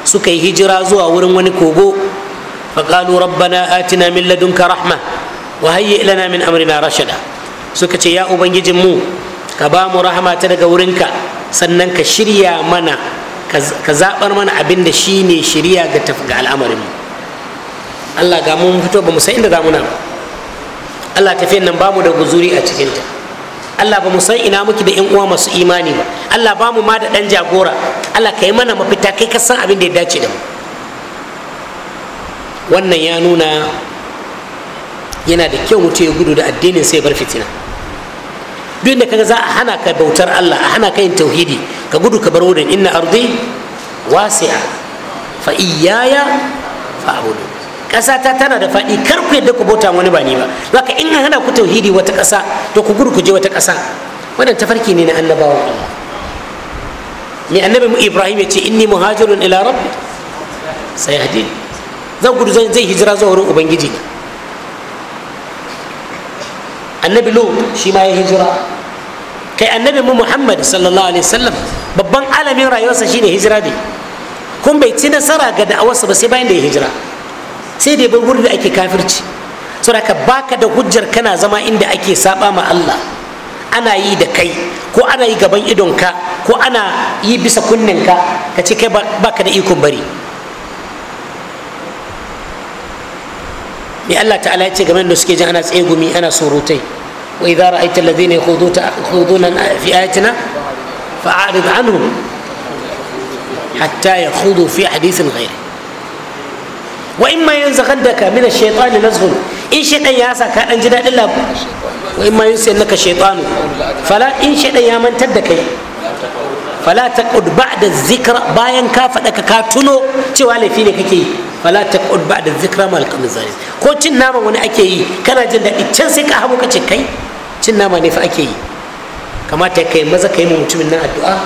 suka yi hijira zuwa wurin wani kogo فقالوا ربنا آتنا من لدنك رحمة وهيئ لنا من أمرنا رشدا سكتي يا أبن sannan ka shirya mana ka شريا mana abin da أبن شيني شريا قتفق al'amarin mu. Allah ga mu fito ba mu san inda za mu nan Allah tafi nan ba mu da guzuri a cikin ta Allah ba mu san ina muke da ƴan uwa masu imani ba Allah ba mu ma da ɗan jagora Allah ka yi mana mafita kai ka san abin da ya dace da mu wannan ya nuna yana da kyau mutum ya gudu da addinin sai bar fitina duk da kaga za a hana ka bautar Allah a hana ka yin tauhidi ka gudu ka bar wurin inna ardi wasi'a fa iyaya fa abudu ƙasa ta tana da faɗi kar ku yadda ku bauta wani bani ba zaka in hana ku tauhidi wata ƙasa to ku gudu ku je wata ƙasa wannan tafarki ne na annabawa Allah mai annabi ibrahim ya ce inni muhajirun ila rabbi sayahdini zan gudu zai hijira zuwa wurin ubangiji annabi lo shi ma ya hijira kai annabi mu muhammad sallallahu alaihi wasallam babban alamin rayuwarsa shine hijira ne kun bai ci nasara ga da'awarsa ba sai bayan da ya hijira sai dai ya bar wurin da ake kafirci saboda ka baka da hujjar kana zama inda ake saba ma Allah ana yi da kai ko ana yi gaban idonka ko ana yi bisa kunninka ka ce kai baka da ikon bari me Allah ta'ala yace ce game da suke jin ana tsaye gumi ana surutai wa idza ra'aita alladhina yakhuduna yakhuduna fi ayatina fa'rid anhum hatta yakhudu fi hadithin ghayri wa imma yanzaghadaka min ash-shaytani nazghun in shaytan ya saka dan ji dadin labu wa imma ma yusayyinaka shaytanu fala in shaytan ya mantar da kai fala ba da zikra bayan ka faɗa ka ka tuno cewa laifi ne kake yi fala taqud ba'da zikra mal qamzani ko cin nama wani ake yi kana jin daɗi can sai ka hago kace kai cin nama ne fa ake yi kamata kai maza kai mu mutumin nan addu'a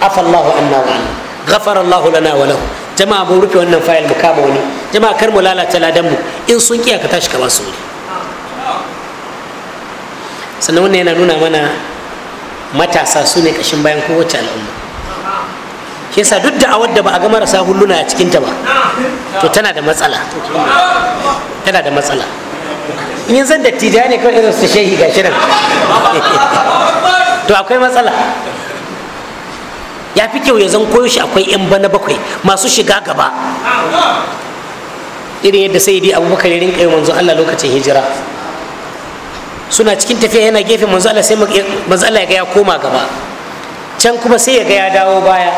afallahu anna wa anna ghafara Allahu lana wa lahu jama'a mun rufe wannan fayil mu kama wani jama'a kar mu lalata ladan mu in sun kiya ka tashi ka ba su sannan wannan yana nuna mana matasa su ne kashin bayan kowace al'umma shi yasa duk da awar da ba a ga marasa hulluna a cikinta ba to tana da matsala tana da matsala in zan dattija ne kawai irin su shehi ga shirin to akwai matsala ya fi kyau ya zan koyo shi akwai yan bana bakwai masu shiga gaba irin yadda sai dai abubakar ya rinka yi manzo allah lokacin hijira suna cikin tafiya yana gefe manzo Allah ya ga ya koma gaba can kuma sai ya ga ya dawo baya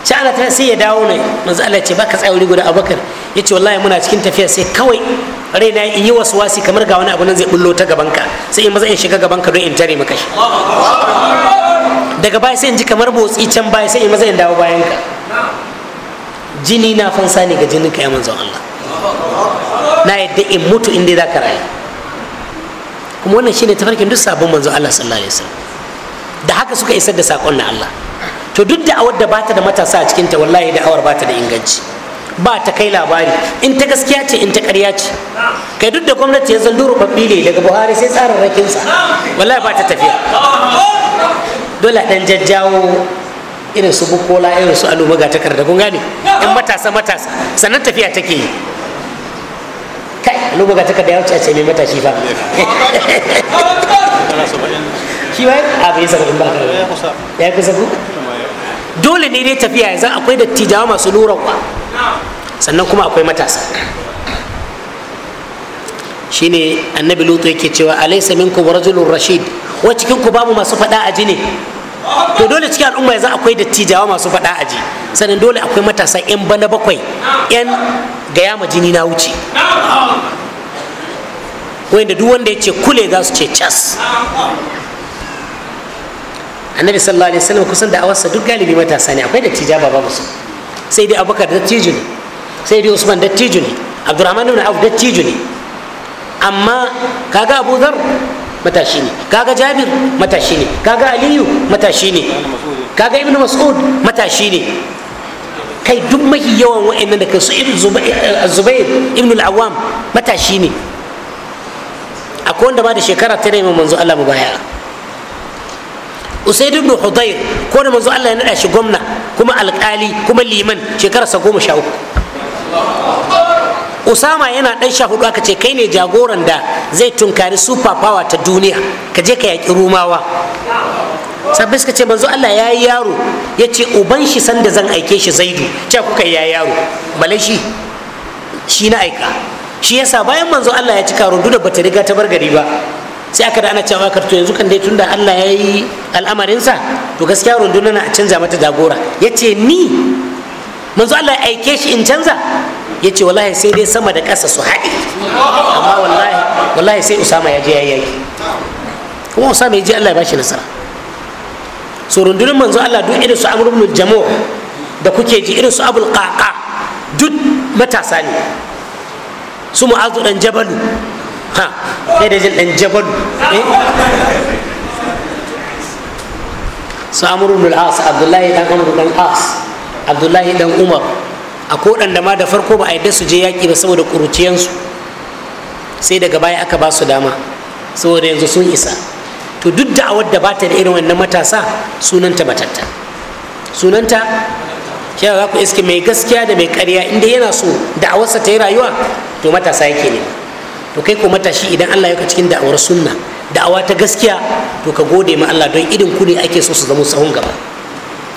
can Allah ta sai ya dawo ne manzo Allah ce baka tsaya wuri guda Abubakar yace wallahi muna cikin tafiya sai kawai raina in yi wasu wasi kamar ga wani abu nan zai bullo ta gaban ka sai in maza in shiga gaban ka don in tare maka shi daga baya sai in ji kamar botsi can baya sai in maza in dawo bayan ka jini na fansa ne ga jinin ka ya manzon Allah na yadda in mutu inda za ka rayu kuma wannan shine tafarkin duk sabon manzo Allah sallallahu alaihi wasallam da haka suka isar da sakon na Allah to duk awar da bata da matasa a cikin ta wallahi awar bata da inganci ba ta kai labari in ta gaskiya ce in ta ƙarya ce kai duk da gwamnati ya zallo rubabbi ne daga buhari sai rakinsa. wallahi ba ta tafiya dole ɗan jajjawo irin su bukola irin su alubaga takarda kun gane in matasa matasa sannan tafiya take yi wani buga da ya wuce a ce mai matashi fa shi ba abu ya saba'in ba ya kusa ku dole ne dai tafiya yanzu akwai dattijawa masu kuwa sannan kuma akwai matasa shine annabi lutu yake cewa alaysa minkum rajulun rashid wa cikin ku babu masu faɗa a jini to dole cikin al'umma yanzu akwai dattijawa masu faɗa aji sannan dole akwai matasa 'yan bana bakwai 'yan gaya ma jini na wuce wanda duk wanda ya ce kule za su ce cas annabi sallallahu alaihi wasallam kusan da awarsa duk galibi matasa ne akwai dattija baba musu sai dai abubakar dattijo ne sai dai usman dattijo ne abdurrahman ibn auf dattijo ne amma kaga abu dhar matashi ne kaga jabir matashi ne kaga aliyu matashi ne kaga ibnu mas'ud matashi ne kai duk mafi yawan wa'annan da ka su ibn eh, zubair ibn al-awwam matashi ne akwai wanda ba da shekara ta ne manzo Allah mu baya usaid ibn hudayr ko da manzo Allah ya nada shi gwamna kuma alkali kuma liman shekararsa goma sha usama yana dan sha hudu aka ce kai ne jagoran da zai tunkari super power ta duniya ka je ka yaƙi rumawa sabbi suka ce manzo Allah ya yi yaro ya ce uban shi sanda zan aike shi zaidu ce kuka ya yaro bale shi shi na aika shi yasa bayan manzo Allah ya cika rundu da bata riga ta bar gari ba sai aka da ana cewa karto yanzu kan dai tunda Allah ya yi al'amarin sa to gaskiya runduna na a canza mata jagora ya ce ni manzo Allah ya aike shi in canza ya ce wallahi sai dai sama da ƙasa su haɗe amma wallahi wallahi sai usama ya je ya yi kuma usama ya je allah ya bashi nasara so rundunar manzo allah duk irin su amr ibn jamo da kuke ji irin su abul qaqa duk matasa ne su mu'azu dan jabalu ha sai da jin dan jabalu eh? su amr ibn al-as abdullahi dan amr ibn al-as abdullahi dan umar a ko waɗanda ma da farko ba a yadda su je yaƙi ba saboda ƙuruciyansu sai daga baya aka ba su dama saboda yanzu sun isa to duk awar da bata da irin wannan matasa sunanta matatta sunanta shi za ku iske mai gaskiya da mai ƙarya inda yana so da'awarsa ta yi rayuwa to matasa yake ne to kai ko matashi idan Allah ya ka cikin da'awar sunna da'awa ta gaskiya to ka gode ma Allah don irin ku ake so su zama sahun gaba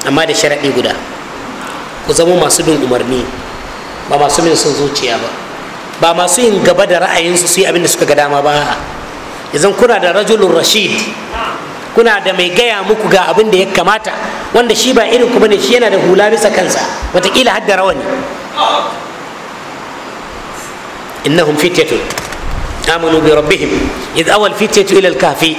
amma da sharaɗi guda ku zama masu bin umarni ba masu bin sun zuciya ba ba masu yin gaba da ra'ayinsu su yi abin da suka ga dama ba yanzu kuna da rajulun rashid kuna da mai gaya muku ga abin da ya kamata wanda shi ba irin ku ne shi yana da hula bisa kansa wataƙila har da rawani innahum fityatun amanu bi rabbihim idh awal fityatu ila al-kahfi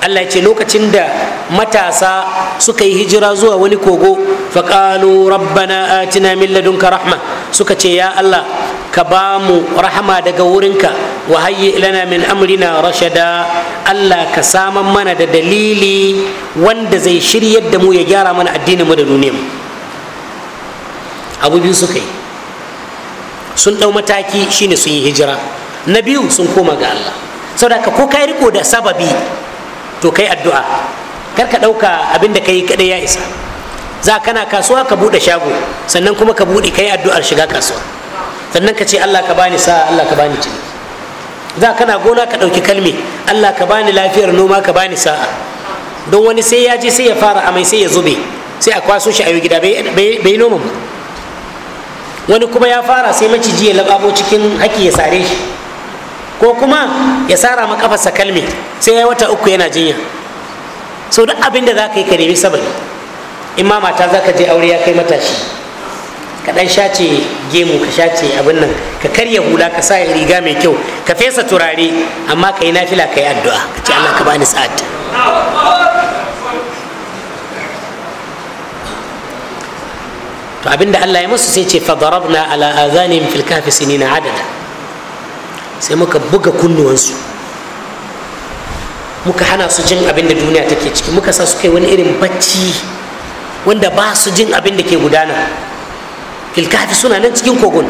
Allah ya ce lokacin da matasa suka yi hijira zuwa wani kogo faƙalu rabbana atina min ladunka rahma suka ce ya allah ka ba mu rahama daga wurinka wa hayyi lana min amrina rashada allah ka saman mana da dalili wanda zai shiryar da mu ya gyara mana addinin mu da duniyar mu abu biyu suka yi sun ɗau mataki shine sun yi hijira na biyu sun koma ga allah saboda ka ko kai riko da sababi to kai addu'a kar ka ɗauka abin da ka yi kaɗai ya isa za kana kasuwa ka buɗe shago sannan kuma ka buɗe ka yi addu'ar shiga kasuwa sannan ka ce allah ka bani sa'a allah ka bani ciniki za kana gona ka ɗauki kalmi allah ka bani lafiyar noma ka bani sa'a don wani sai ya je sai ya fara amai sai ya zube sai a kwaso shi a gida bai noma ba wani kuma ya fara sai maciji ya lababo cikin haki ya sare shi ko kuma ya sara makafarsa kalmi sai ya wata uku yana jinya so duk abin da za ka yi ka nemi sabari in ma mata za ka je aure ya kai matashi ka ɗan shace gemu ka shace abin nan ka karya hula ka sa riga mai kyau ka fesa turare amma ka yi nafila ka yi addu'a ka ce allah ka bani sa'ad to abinda allah ya musu sai ce fadarabna ala azanihim fil kahfi sinina adada sai muka buga kunnuwansu muka hana su jin abin da duniya take ciki muka sa su kai wani irin bacci wanda ba su jin abin da ke gudana filkafi suna nan cikin kogon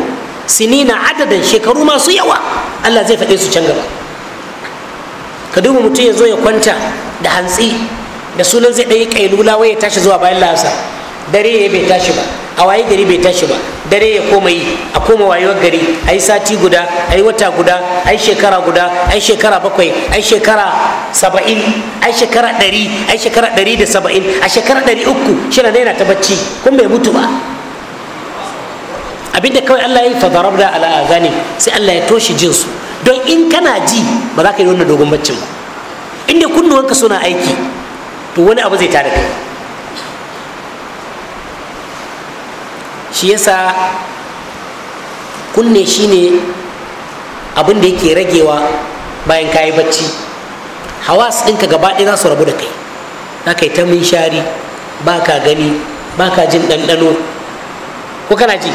na adadin shekaru masu yawa allah zai faɗe su can gaba ka duba mutum ya zo ya kwanta da hantsi da sunan zai ɗaya ƙailula wai ya tashi zuwa bayan lasa dare ya bai tashi ba a waye gari bai tashi ba dare ya koma yi a koma wayewar gari a yi sati guda a yi wata guda a yi shekara guda a yi shekara bakwai a yi shekara saba'in a yi shekara ɗari a yi shekara ɗari da saba'in a shekara ɗari uku shi na yana ta bacci kun bai mutu ba abinda kawai Allah ya yi da ala azani sai Allah ya toshe jinsu don in kana ji ba za ka yi wannan dogon baccin ba inda kunnuwanka suna aiki to wani abu zai tada kai shi yasa kunne shine abin da yake ragewa bayan kayi bacci hawas ɗinka gaba ɗaya za su rabu da kai za ka yi ta minshari ba ka gani ba ka jin ɗanɗano ko kana ji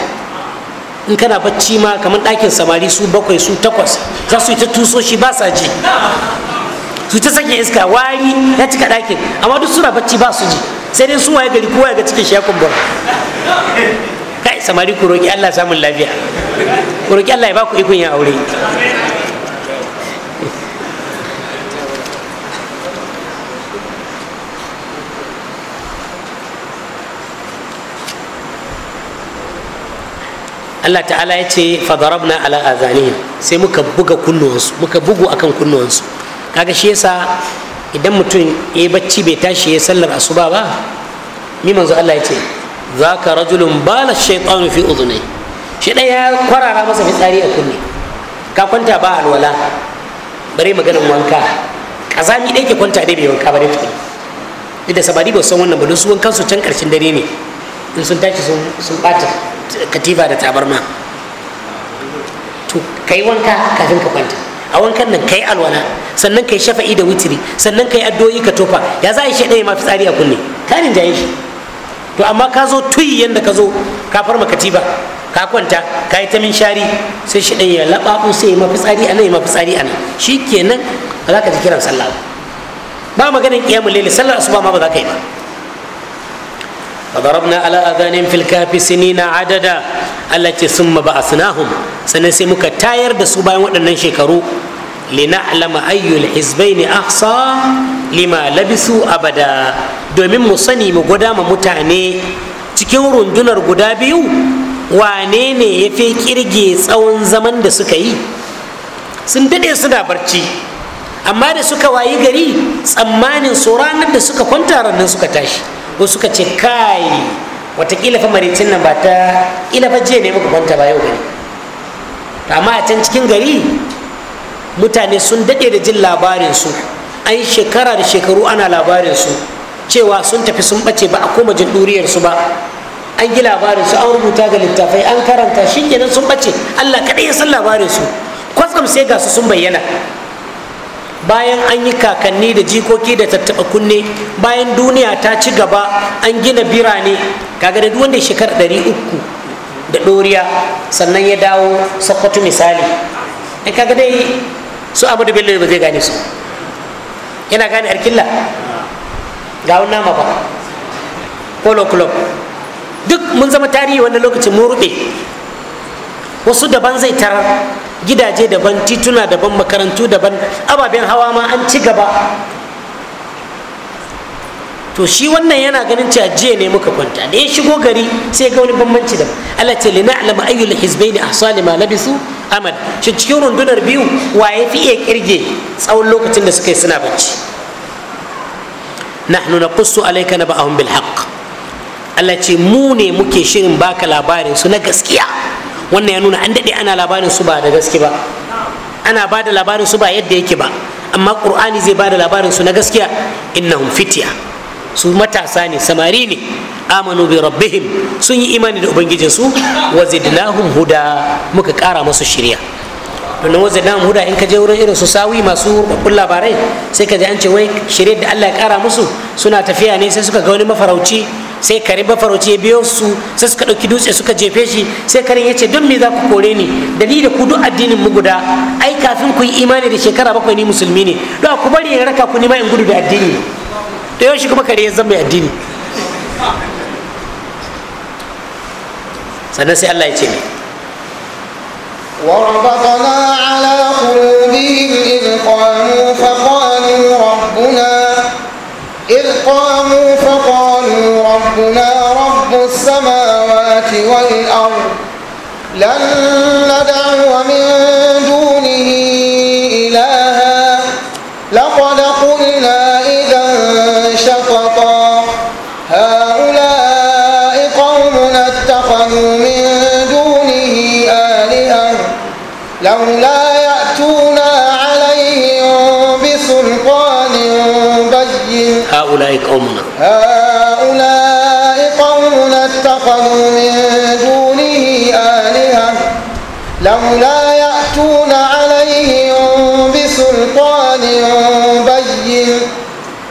in kana bacci ma kamar ɗakin samari su bakwai su takwas za su yi ta tuso shi ba sa ji su ta sake iska wari ya cika ɗakin amma duk suna bacci ba su ji sai dai su waye gari kowa ya ga cikin shi ya kumbura kai samari ku roƙi Allah samun lafiya ku roƙi Allah ya ku ikon ya aure Allah ta'ala ya ce fadarabna ala azanihim sai muka buga kunnuwansu muka bugu akan kunnuwansu kaga shi yasa idan mutum ya bacci bai tashi ya sallar asuba ba mi manzo Allah ya ce zaka rajulun bala shaytanu fi udhunai shi ɗaya ya kwarara masa fitsari a kunne ka kwanta ba alwala bare maganin wanka kazami ɗaya ke kwanta dai bai wanka ba dai tukuni Inda sabari ba san wannan ba don su wankan su can ƙarshen dare ne in sun tashi sun ɓata katifa da tabarma to kai wanka kafin ka kwanta a wankan nan kai alwala sannan kai shafa'i da witiri sannan kai addu'o'i ka tofa ya za a yi shi ɗaya ma fitsari a kunne tarin jayin shi to amma ka zo tuyi yadda ka zo ka farma katiba ka kwanta ka yi ta min shari sai shi ɗan ya laɓaɓu sai ya mafitsari a nan ya mafitsari a nan shi kenan ba za ka ji kiran sallah ba maganin ƙiyamun lele sallar asuba ma ba za ka yi ba فضربنا على اذانهم في الكهف سنين عددا التي ثم بعثناهم سنسي muka tayar da su bayan waɗannan shekaru lina'lama ayyul hizbaini ahsa lima labisu abada domin mu sani mu gwada ma mutane cikin rundunar guda biyu wane ne ya fi kirge tsawon zaman da suka yi sun daɗe suna barci amma da suka wayi gari tsammanin su ranar da suka kwanta ranar suka tashi ko suka ce kai watakila fa maritin nan ba ta ila fa jiya ne muka kwanta ba yau gari amma a can cikin gari mutane sun daɗe da jin labarinsu an shekara da shekaru ana labarinsu cewa sun tafi sun bace ba a koma jin ɗuriyarsu ba an ji labarinsu an rubuta ga littafai an karanta shi kenan sun bace allah kaɗai ya san labarinsu kwatsam sai ga su sun bayyana bayan an yi kakanni da jikoki da tattaɓa kunne bayan duniya ta ci gaba an gina birane kaga da wanda shekar ɗari uku da ɗoriya sannan ya dawo sokoto misali kaga dai su abu da bello ba zai gane su ina gane arkilla ga wani nama ba polo club duk mun zama tarihi wannan lokacin mun rube wasu daban zai tarar gidaje daban tituna daban makarantu daban ababen hawa ma an ci gaba to shi wannan yana ganin cewa jiya ne muka kwanta da ya shigo gari sai ga wani bambanci da Allah ce lina alama ayyul hizbaini ahsani ma labisu Ahmad shi cikin rundunar biyu wa ya fi iya kirge tsawon lokacin da suka yi suna bacci nahnu naqussu alayka naba'ahum bil haqq Allah ce mu ne muke shirin baka labarin su na gaskiya wannan ya nuna an dade ana labarin su ba da gaske ba ana ba da labarin su ba yadda yake ba amma qur'ani zai ba da labarin su na gaskiya innahum fitiya su matasa ne samari ne amanu bi rabbihim sun yi imani da ubangijinsu wa zidnahum huda muka kara musu shirya domin wa zidnahum huda in ka je wurin irin su sawi masu rubabun labarai sai ka ji an ce wai shirya da Allah ya kara musu suna tafiya ne sai suka ga wani mafarauci sai kare mafarauci ya biyo su sai suka dauki dutse suka jefe shi sai karen ya ce don me za ku kore ni da ni da ku duk addinin mu guda ai kafin ku yi imani da shekara bakwai ni musulmi ne don ku bari ya raka ku nima in gudu da addini da yawan shi kuma kare ya zama mai addini sannan sai Allah ya ce ne
وربطنا على قلوبهم إذ قاموا فقالوا ربنا إذ قاموا فقالوا ربنا رب السماوات والأرض لن ندعو من دون أو لا يأتونا عليهم بسلطان بين
هؤلاء قومنا
هؤلاء قومنا اتخذوا من دونه آلهة لولا يأتون عليهم بسلطان بين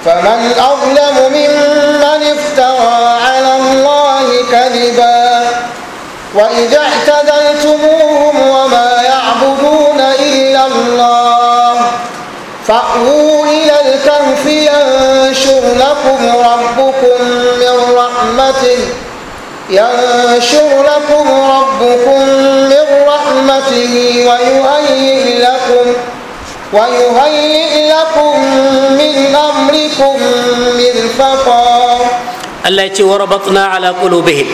فمن أظلم ممن افترى على الله كذبا وإذا الكهف ينشر لكم ربكم من رحمته ينشر لكم ربكم من رحمته ويهيئ لكم ويهيئ لكم من أمركم من فقا
الله يتي وربطنا على قلوبهم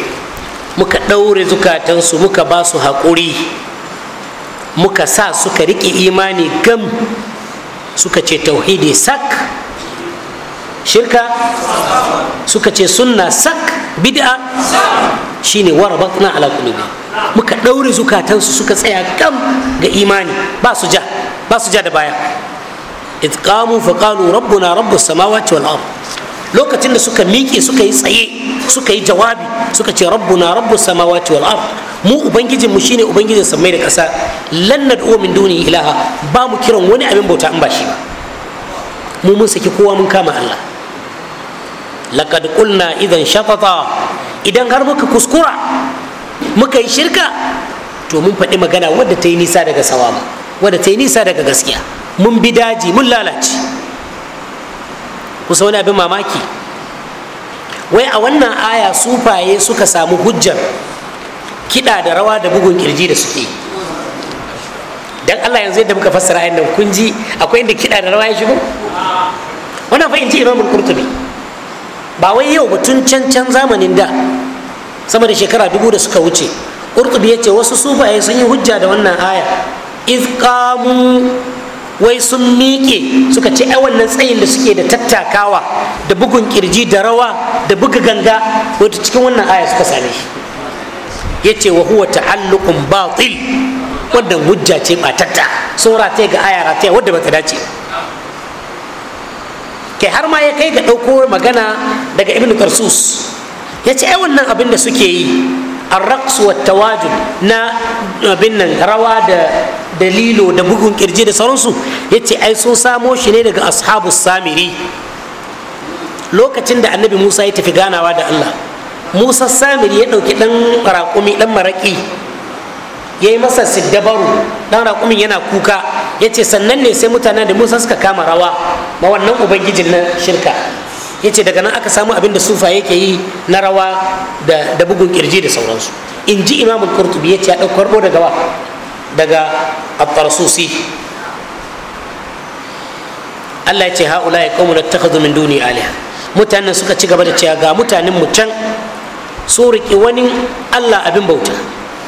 muka ɗaure zukatansu muka ba su haƙuri muka sa suka riƙe imani gam suka ce tauhidi sak shirka suka ce sunna sak bid'a shine warabatna ala qulubi muka daure zukatansu suka tsaya gam ga imani ba su ja ba su ja da baya idqamu faqalu rabbuna rabbus samawati wal ard lokacin da suka miƙe suka yi tsaye suka yi jawabi suka ce na rabbu samawati wal ard mu ubangijin mu shine ubangijin samai da ƙasa lan nad'u min duni ilaha ba mu kiran wani abin bauta in ba shi ba mu mun saki kowa mun kama Allah laqad qulna idan shatata idan har muka kuskura muka yi shirka to mun faɗi magana wadda ta yi nisa daga sawaba wadda ta yi nisa daga gaskiya mun bi daji mun lalace kusa wani abin mamaki wai a wannan aya sufaye suka samu hujjar kiɗa da rawa da bugun kirji da suke dan Allah yanzu yadda muka fassara ayan nan kun ji akwai inda kiɗa da rawa ya shigo wannan fa in ji imamul qurtubi ba wai yau ba tun can can zamanin da sama da shekara dubu da suka wuce qurtubi ya ce wasu sufaye sun yi hujja da wannan aya iz qamu wai sun miƙe suka ce ai wannan tsayin da suke da tattakawa da bugun kirji da rawa da buga ganga wato cikin wannan aya suka same shi ya ce wa huwa ta'allukun batil wannan hujja ce batatta sun rataya ga aya rataya wadda bata dace kai har ma ya kai ga ɗauko magana daga ibn karsus ya ce ai wannan abin da suke yi arraqs wa tawajud na abin rawa da dalilo da bugun ƙirji da sauransu yace ai sun samo shi ne daga ashabus samiri lokacin da annabi Musa ya tafi ganawa da Allah Musa samiri ya ɗauki ɗan raƙumi ɗan maraki ya yi masa siddabaru ɗan raƙumin yana kuka ya ce sannan ne sai mutanen da musa suka kama rawa ma wannan ubangijin na shirka ya ce daga nan aka samu abin da sufa yake yi na rawa da bugun kirji da sauransu in ji imam kurtubi ya ce ya ɗauko daga wa daga at Allah ya ce haula ya qaumun attakhadhu min duni aliya mutanen suka ci gaba da cewa ga mutanen mu can su riƙe wani Allah abin bauta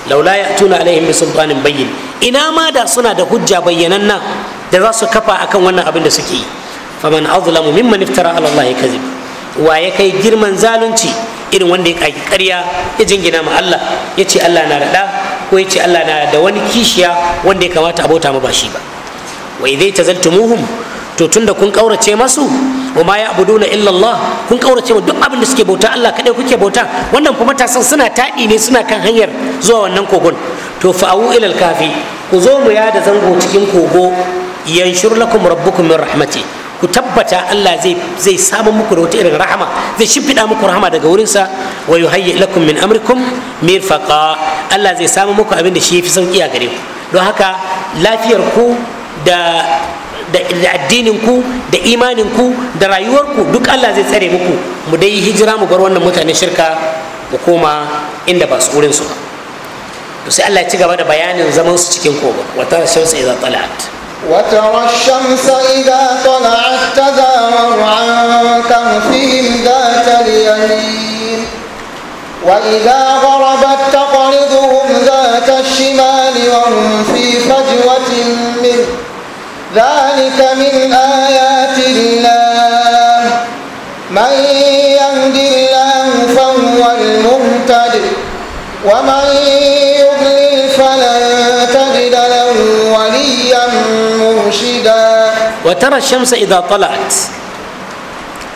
laula ya tuna alaihim bi sultanin bayyin ina ma da suna da hujja bayyanan nan da za su kafa akan wannan abin da suke yi faman azlamu mimman iftara ala Allah kazib wa ya kai girman zalunci irin wanda ya kaki ƙarya ya jingina ma Allah ya ce Allah na da ko ya ce Allah na da wani kishiya wanda ya kamata abota ma ba shi ba wa idai tazaltumuhum to tunda kun kaurace masu wa ma ya'buduna illa Allah kun kaurace duk abin da suke bauta Allah kadai kuke bauta wannan kuma matasan suna taɗi ne suna kan hanyar zuwa wannan kogon to fa'u ila kafi ku zo mu ya da zango cikin kogo yanshur lakum rabbukum min rahmati ku tabbata Allah zai zai samu muku da wata irin rahama zai shimfiɗa muku rahama daga wurinsa wa yuhayyi lakum min amrikum mirfaqa Allah zai samu muku abin da shi yafi sauki a gare ku don haka lafiyar ku da da addinin ku da imanin ku da rayuwarku duk Allah zai tsare muku mu dai hijira mu bar wannan mutanen shirka mu koma inda ba su wurin su ba to sai Allah ya ci gaba da bayanin zaman su cikin kogo wata shamsu idza talat
وترى الشمس إذا طلعت تزاور عن كهفهم ذات اليمين وإذا غربت تقرضهم ذات الشمال وهم في فجوة منه ذلك من آيات الله من يهد الله فهو المهتد ومن يضلل فلن تجد له وليا
wa tara shamsa idza talat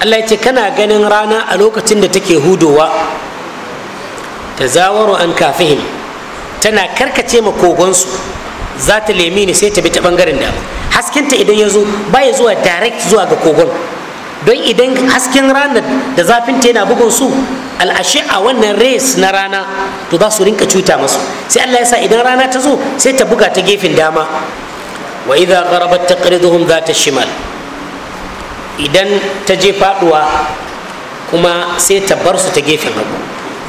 Allah yace kana ganin rana a lokacin da take hudowa tazawaru an kafihim tana karkace ma kogonsu za ta lemi ni sai ta bi ta bangaren dama haskinta idan ya zo baya zuwa direct zuwa ga kogon don idan hasken rana da zafinta yana bugun su al'ashi a wannan res na rana to za su rinka cuta masu sai allah ya sa idan rana ta zo sai ta buga ta gefen dama wa idha gharabat taqriduhum zata shimal idan ta je faduwa kuma sai ta bar su ta gefen hagu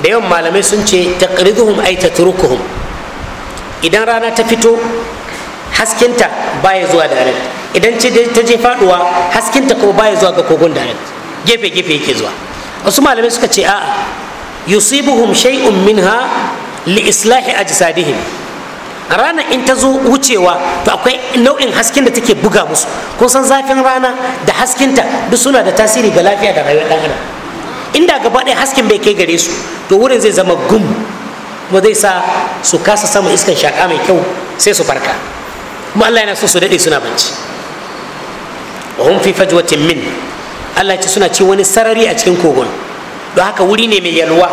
da yawan malamai sun ce taqriduhum ay tatrukuhum idan rana ta fito haskinta baya zuwa direct idan ta je faduwa haskinta kuma baya zuwa ga kogon direct gefe gefe yake zuwa wasu malamai suka ce a'a yusibuhum shay'un minha li islahi ajsadihim ranar in ta zo wucewa to akwai nau'in hasken da take buga musu kun san zafin rana da haskinta duk suna da tasiri ga lafiya da rayuwar ɗan adam inda gaba ɗaya hasken bai kai gare su to wurin zai zama gum kuma zai sa su kasa sama iskan shaƙa mai kyau sai su farka kuma Allah yana so su daɗe suna banci wa hum fi fajwatin min Allah ya ce suna ci wani sarari a cikin kogon don haka wuri ne mai yalwa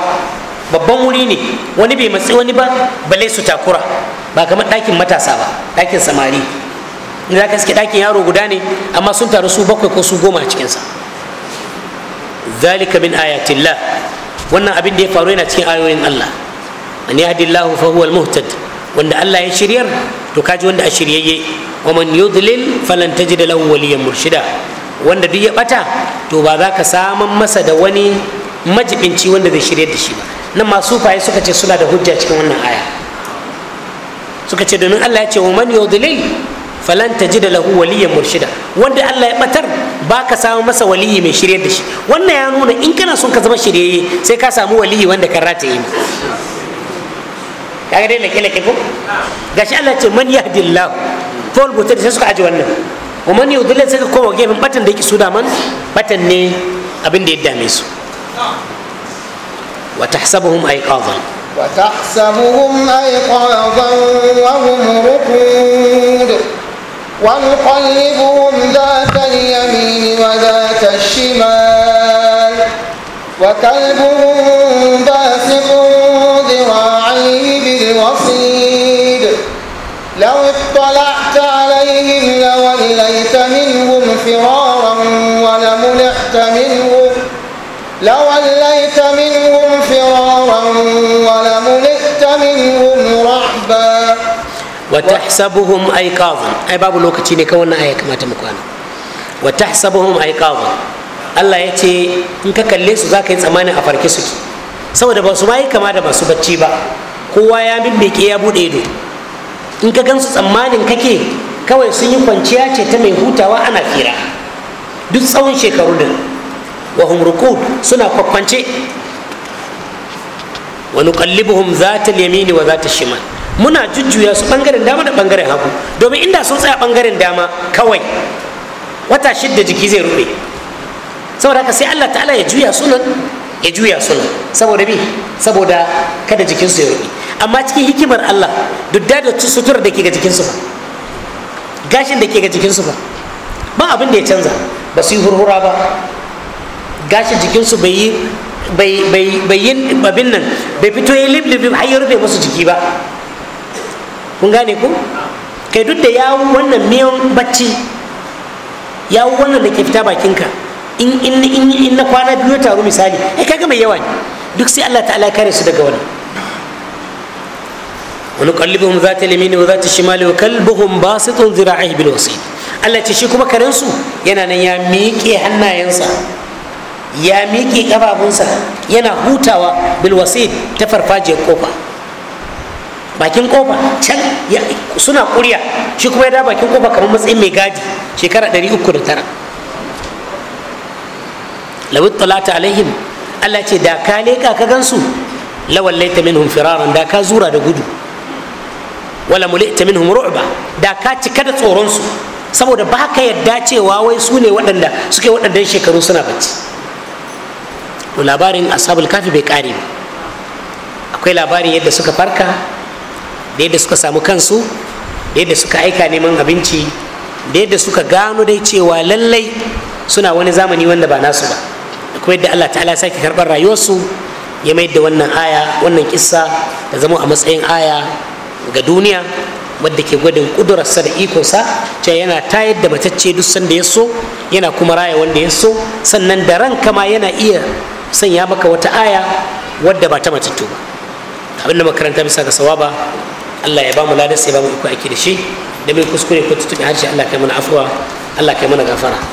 babban wuri ne wani bai matsi wani ba balai su takura ba kamar ɗakin matasa ba ɗakin samari in za ka suke ɗakin yaro guda ne amma sun taru su bakwai ko su goma a cikinsa zalika min ayatillah wannan abin da ya faru yana cikin ayoyin Allah an yahdillahu fa huwa muhtad wanda Allah ya shiryar to kaji wanda a shiryayye wa man yudlil falan tajid lahu waliyan murshida wanda duk ya bata to ba za ka saman masa da wani majibinci wanda zai shirya da shi ba nan masu faye suka ce suna da hujja cikin wannan aya suka ce domin Allah ya ce wa man yudlil falan tajida lahu waliyan murshida wanda Allah ya batar ba ka samu masa waliyi mai shirya da shi wannan ya nuna in kana son ka zama shiryayye sai ka samu waliyi wanda kan rataye ne kaga dai lake lake ko gashi Allah ce man yahdillahu paul butar sai suka aji wannan wa man yudlil sai ka koma gefen batan da yake su da man batan ne abin da ya dame su وتحسبهم أيقاظا
وتحسبهم أيقاظا وهم رقود ونقلبهم ذات اليمين وذات الشمال وكلبهم باسق ذراعيه بالوصيد لو اطلعت عليهم لوليت منهم فرارا
Wata tahsabuhum aiqazan ai babu lokaci ne kawai na aya kamata mu kwana wa tahsabuhum aiqazan Allah ya ce in ka kalle su zaka yi tsammanin a farke suke saboda ba su ma kama da masu bacci ba kowa ya bimbeke ya bude ido in ka gansu tsammanin kake kawai sun yi kwanciya ce ta mai hutawa ana fira duk tsawon shekaru din wa hum suna kwakwance wa nuqallibuhum zata al-yamini wa zata shima. muna jujjuya su bangaren dama da bangaren hagu domin inda sun tsaya bangaren dama kawai wata shidda jiki zai rube saboda haka sai Allah ta'ala ya juya sunan ya juya sunan saboda bi saboda kada jikinsu ya rube amma cikin hikimar Allah duk da sutura da ke ga jikinsu ba gashin da ke ga jikinsu ba ba abin da ya canza ba su yi hurhura ba gashin jikinsu bai yi bai yin abin nan bai fito ya liblib har ya rufe musu jiki ba kun gane ku kai duk da yawo wannan miyan bacci yawo wannan da ke fita bakinka in in in in na kwana biyu taru misali ai kaga mai yawa ne duk sai Allah ta'ala kare su daga wannan ونقلبهم ذات اليمين وذات الشمال وكلبهم باسط ذراعيه wasu. Allah ce shi kuma karensu yana nan ya miƙe hannayensa ya miƙe ƙafafunsa yana hutawa bilwasid ta farfajiyar kofa bakin kofa can suna kuriya shi kuma ya da bakin kofa kamar matsayin mai gadi shekara 309 lawit talata alaihim Allah ce da ka leka ka gansu lawallaita minhum firaran da ka zura da gudu wala mulita minhum ru'ba da ka cika da tsoron su saboda ba ka yadda cewa wai su ne waɗanda suke waɗannan shekaru suna bacci labarin ashabul kafi bai kare ba akwai labarin yadda suka farka da yadda suka samu kansu da yadda suka aika neman abinci da yadda suka gano dai cewa lallai suna wani zamani wanda ba nasu ba da kuma yadda Allah ta'ala sake karɓar rayuwarsu ya mai da wannan aya wannan kissa da zama a matsayin aya ga duniya wadda ke gwadin kudurarsa da ikonsa ce yana tayar da matacce duk sanda ya so yana kuma raya wanda ya so sannan da ranka ma yana iya sanya maka wata aya wadda ba ta matattu ba abinda makaranta bisa ga sawaba
Allah ya ba mu ya sai ba mu iko aiki da shi da mai kuskure ko tutuɓe harshe Allah kai mana afuwa Allah kai mana gafara